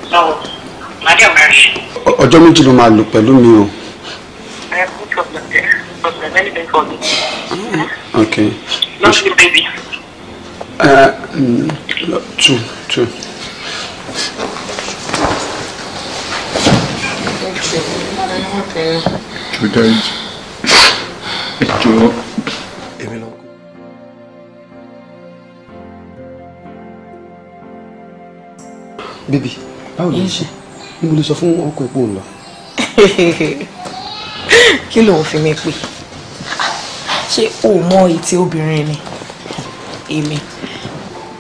so màá dẹ̀ mẹ́rin. ọjọ́ méjì ló máa lò pẹ̀lú mi o. Okay. Love you, baby. Uh, two, two. Two days. It's two. bébì báwo ló ń ṣe ni mo lè sọ fún ọkọ epo ń lọ. kí ló ń fi mi pè ṣé o mọ ètí obìnrin ni èmi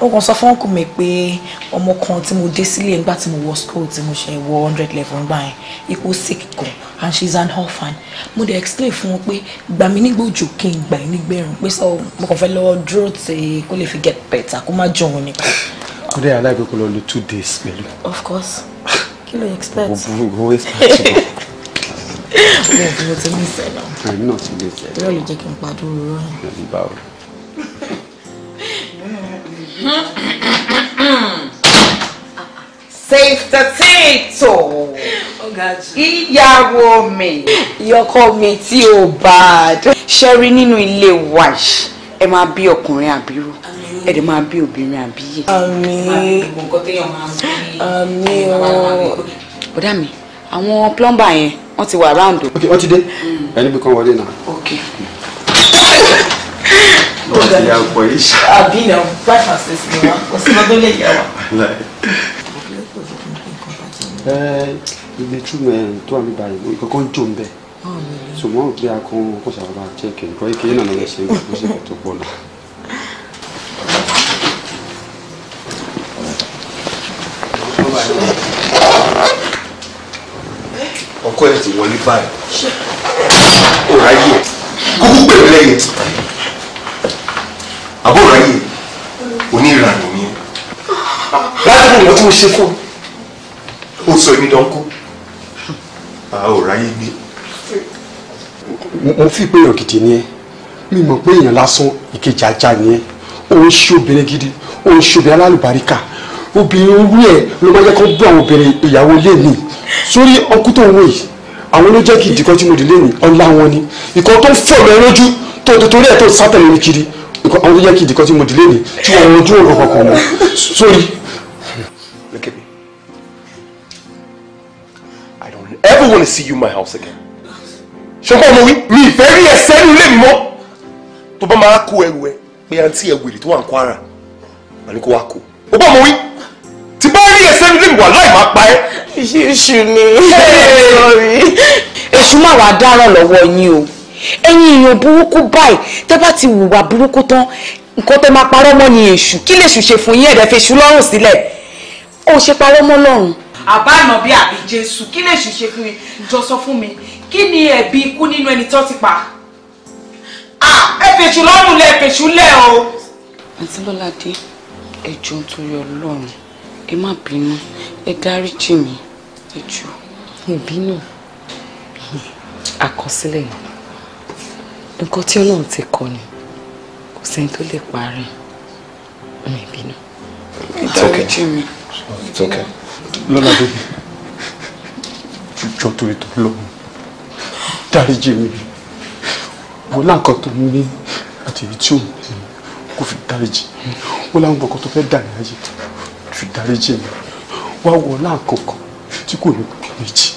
ó kàn sọ fún ọkọ mi pé ọmọ kan tí mo dé sílé nígbà tí mo wọ school tí mo ṣe wọ hundred level gbà yẹn ipò sick kan and she is an orphan mo dey explain fún wọn pé gbà mí nígbà òjò kí n gbà yín nígbẹ̀rún pé sọ mo kàn fẹ́ lọ dúró tí kó lè fi get better kó má jọun nìkan. Today I like to lọ lo two days pẹ̀lú. of course kí ló expect. owó expect o. mo ò dúró tí mo ń sẹ́nà. àmì náà ti lè sẹ́nà. lọ́ọ̀lù jẹ́ kí n pa dúró rọ́ọ̀yìn. ẹ̀mí báwo. save the potato. ìyàwó mi. ìyọkọ mi tí ò bá a. ṣe rí nínú ilé wa ẹ máa bí ọkùnrin ẹ dẹ̀ máa bí obìnrin àbíyè. àmín àmín o. bọ́dà mi àwọn plumber yẹn wọ́n ti wà round. ok wọ́n ti dé hmm. ẹni bí kan wọlé náà. ok. wọ́n ti yà pọ̀ yìí. àbí náà five and six ni wọ́n kò sí lọ́dún lè yà wá. ilé túmọ̀ tó wà níbàyí ìkọ̀kọ̀ ń jò ń bẹ̀ ṣùgbọ́n bí a kan kó sábà jẹ́ kẹ̀kọ́ ìkéyìn náà lọ́wọ́ ṣe é kó ṣe kò tó pọ̀ náà. ọkọ ẹ ti wọlé báyìí ó ráyè kúkú pè mí lẹ́yìn àbó ráyè onírànù ni láti mú ìwọ tí mo ṣe fún ó sọ èmi dánkù a ò ráyè gbé. mo fi pé èèyàn gidi ni ẹ mi mọ̀ pé èèyàn lásán ìkejì ajá ni ẹ òun ṣe obìnrin gidi òun ṣe obìnrin alálùbáríkà obìnrin orí ẹ̀ ló máa jẹ́ kó bú àwọn obìnrin ìyàwó ilé mi sórí ọkú tó ń wò yìí àwọn ló jẹ́ kí ìdíkọ́ tí mo dì lé mi ọlá wọn ni ìkọ́ tó fọ̀ mẹ́ lójú tó torí ẹ̀ tó sátẹ̀lẹ̀ mi kiri àwọn tó jẹ́ kí ìdíkọ́ tí mo dì lé mi tí wọ́n rojú ọ̀rọ̀ kankan mọ́ sórí. I don't ever want to see you in my house again. ṣọkọ ọmọ wí mi ìfẹ́ rí ẹ sẹ́nu lé mi mọ́ tó bá máa kó ẹrù ẹ pé àǹtí ẹ wèrè tó wà ń kó ara màní kó wá kó ó bá ọmọ wí mi wà láì máa pa ẹ́. iṣu ni sọrí. èṣù máa wàá dáràn lọ́wọ́ yín o ẹ̀yin èèyàn burúkú báyìí tẹ́ bá ti hùwà burúkú tán nǹkan tẹ́ máa parọ́ mọ́ ni èṣù kí lè ṣù ṣe fún yín ẹ̀dẹ̀ fèṣù lọ́rùn sílẹ̀ ó ṣe parọ́ mọ́ lọ́rùn. àbáànà bíi àbí jésù kí lè ṣe fún mi jọ sọ fún mi kí ni ẹ̀bi ikú nínú ẹni tó ti pa ẹ fèṣù lọ́rùn lẹ fèṣù lẹ o. àǹtí lọ́ládé ẹ̀jọ̀ nítorí ọlọ́run ẹ má bínú ẹ dáríjì mí ẹ jù. ìbínú àkọsílẹ̀ ni nǹkan tí ọlọ́run ti kọ ni kò sẹ́ni tó lè parẹ́ mi ìbínú. ẹ dáríjì mí. it's okay. lọ́la bèbí jọ torí tó lọ́wọ́ dáríjì mí wọ́n láǹkan tó ní àti èyí tí ò ń kò fi dáríjì wọ́n láǹkan tó fẹ́ dàrí ayé jù dáríjì mi wá wọ láǹkankan tí kò ní pé méjì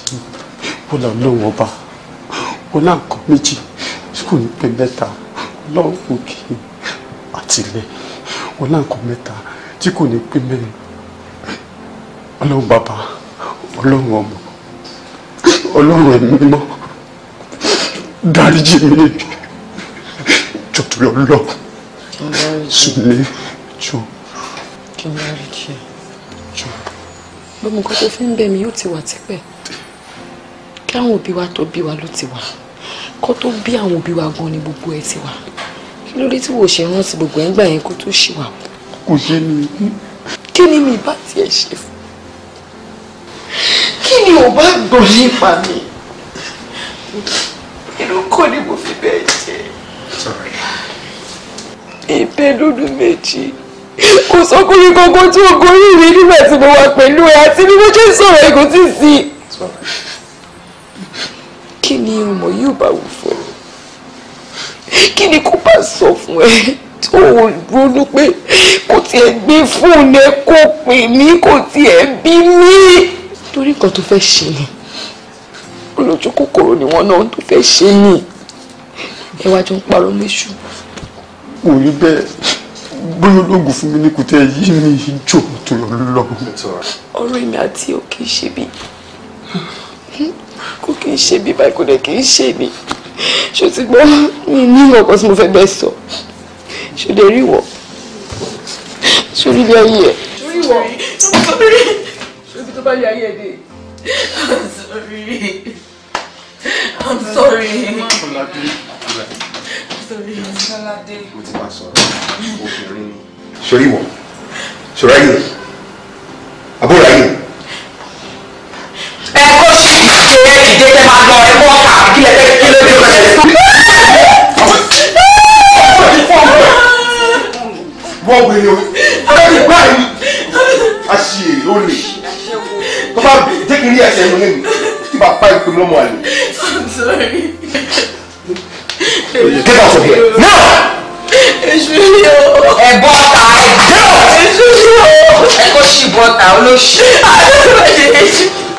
wọ́n là lọ́wọ́ ọba wọ́n láǹkan méjì tí kò ní pé mẹ́ta lọ́wọ́ òkè àtìlẹ́ wọ́n láǹkan mẹ́ta tí kò ní pé mẹ́rin ọlọ́run bàbá ọlọ́run ọmọ ọlọ́run ẹ̀mí dáríjì mi jọ̀tún lọ́lọ́ sùn jù. kí ni a rí kí ẹ gbogbo nǹkan tó fi ń bẹ̀ mí yóò ti wà tipẹ́ kí àwọn òbí wa tó bí wa ló ti wà kó tó bí àwọn òbí wa gan ni gbogbo ẹ ti wà kí ló dé tí wò ṣe rántí gbogbo ẹ ń gbà yẹn kó tó ṣì wà. kò ṣe ni. kí ni mi bá tiẹ̀ ṣe fún kí ni ò bá gbọ́ nípa mi inú kọ́ ni mo fi bẹ́ẹ̀ jẹ́ ìbẹ́ lọ́dún méjì kò sọkùnrin kankan tí o gorí rí nígbà tí mo wà pẹ̀lú ẹ àti bí mo ṣe ń sọ̀rọ̀ ẹ̀gùn tí sí. kí ni ọmọ yóò bá wù fún ẹ kí ni kò bá sọ fún ẹ tó o ronú pé kò tiẹ̀ gbé fóònù ẹ kó pè mí kò tiẹ̀ bí mí. torí nǹkan tó fẹ́ ṣe ni olójú kòkòrò ni wọn náà tó fẹ́ ṣe ni ẹ wá jọ ń parọ́ méṣù. kò rí bẹ́ẹ̀ bóyá ológun fún mi ní kùtẹ́ yìí ní ìjọ tó yọ lọ. ọ̀rọ̀ èmi àti ò kì í ṣe bí kò kì í ṣe bí báyìí kò dẹ̀ kì í ṣe mi ṣó ti gbọ́ mi ní ọkọ̀ tí mo fẹ́ bẹ́ẹ̀ sọ ṣó lè rí wọ ṣó rí bí ayé ẹ̀. ṣó rí wọ ṣó bí tó bá yẹ ayé ẹ̀ dé. I'm sorry. I'm sorry sórí Sọ́ládé. mo ẹ kó ṣì ṣe é dìde máa lọ ẹ kó kí lẹ kí lẹ fẹ́ bẹ̀rẹ̀. wọ́n wẹ̀ yọ ẹni báyìí a ṣe èrè ó tó bá jẹ́ kí n rí ẹsẹ̀ mi lẹ́nu tí bàbá ìpè mọ́mọ́ àlè. sorry. Get out of here. No! It's It's Now! Ẹ bọ́ta ẹ jẹ́ ọ̀. Ẹ kó ṣì bọ́ta olóṣù. Àdébàjẹ́ ẹ̀jú.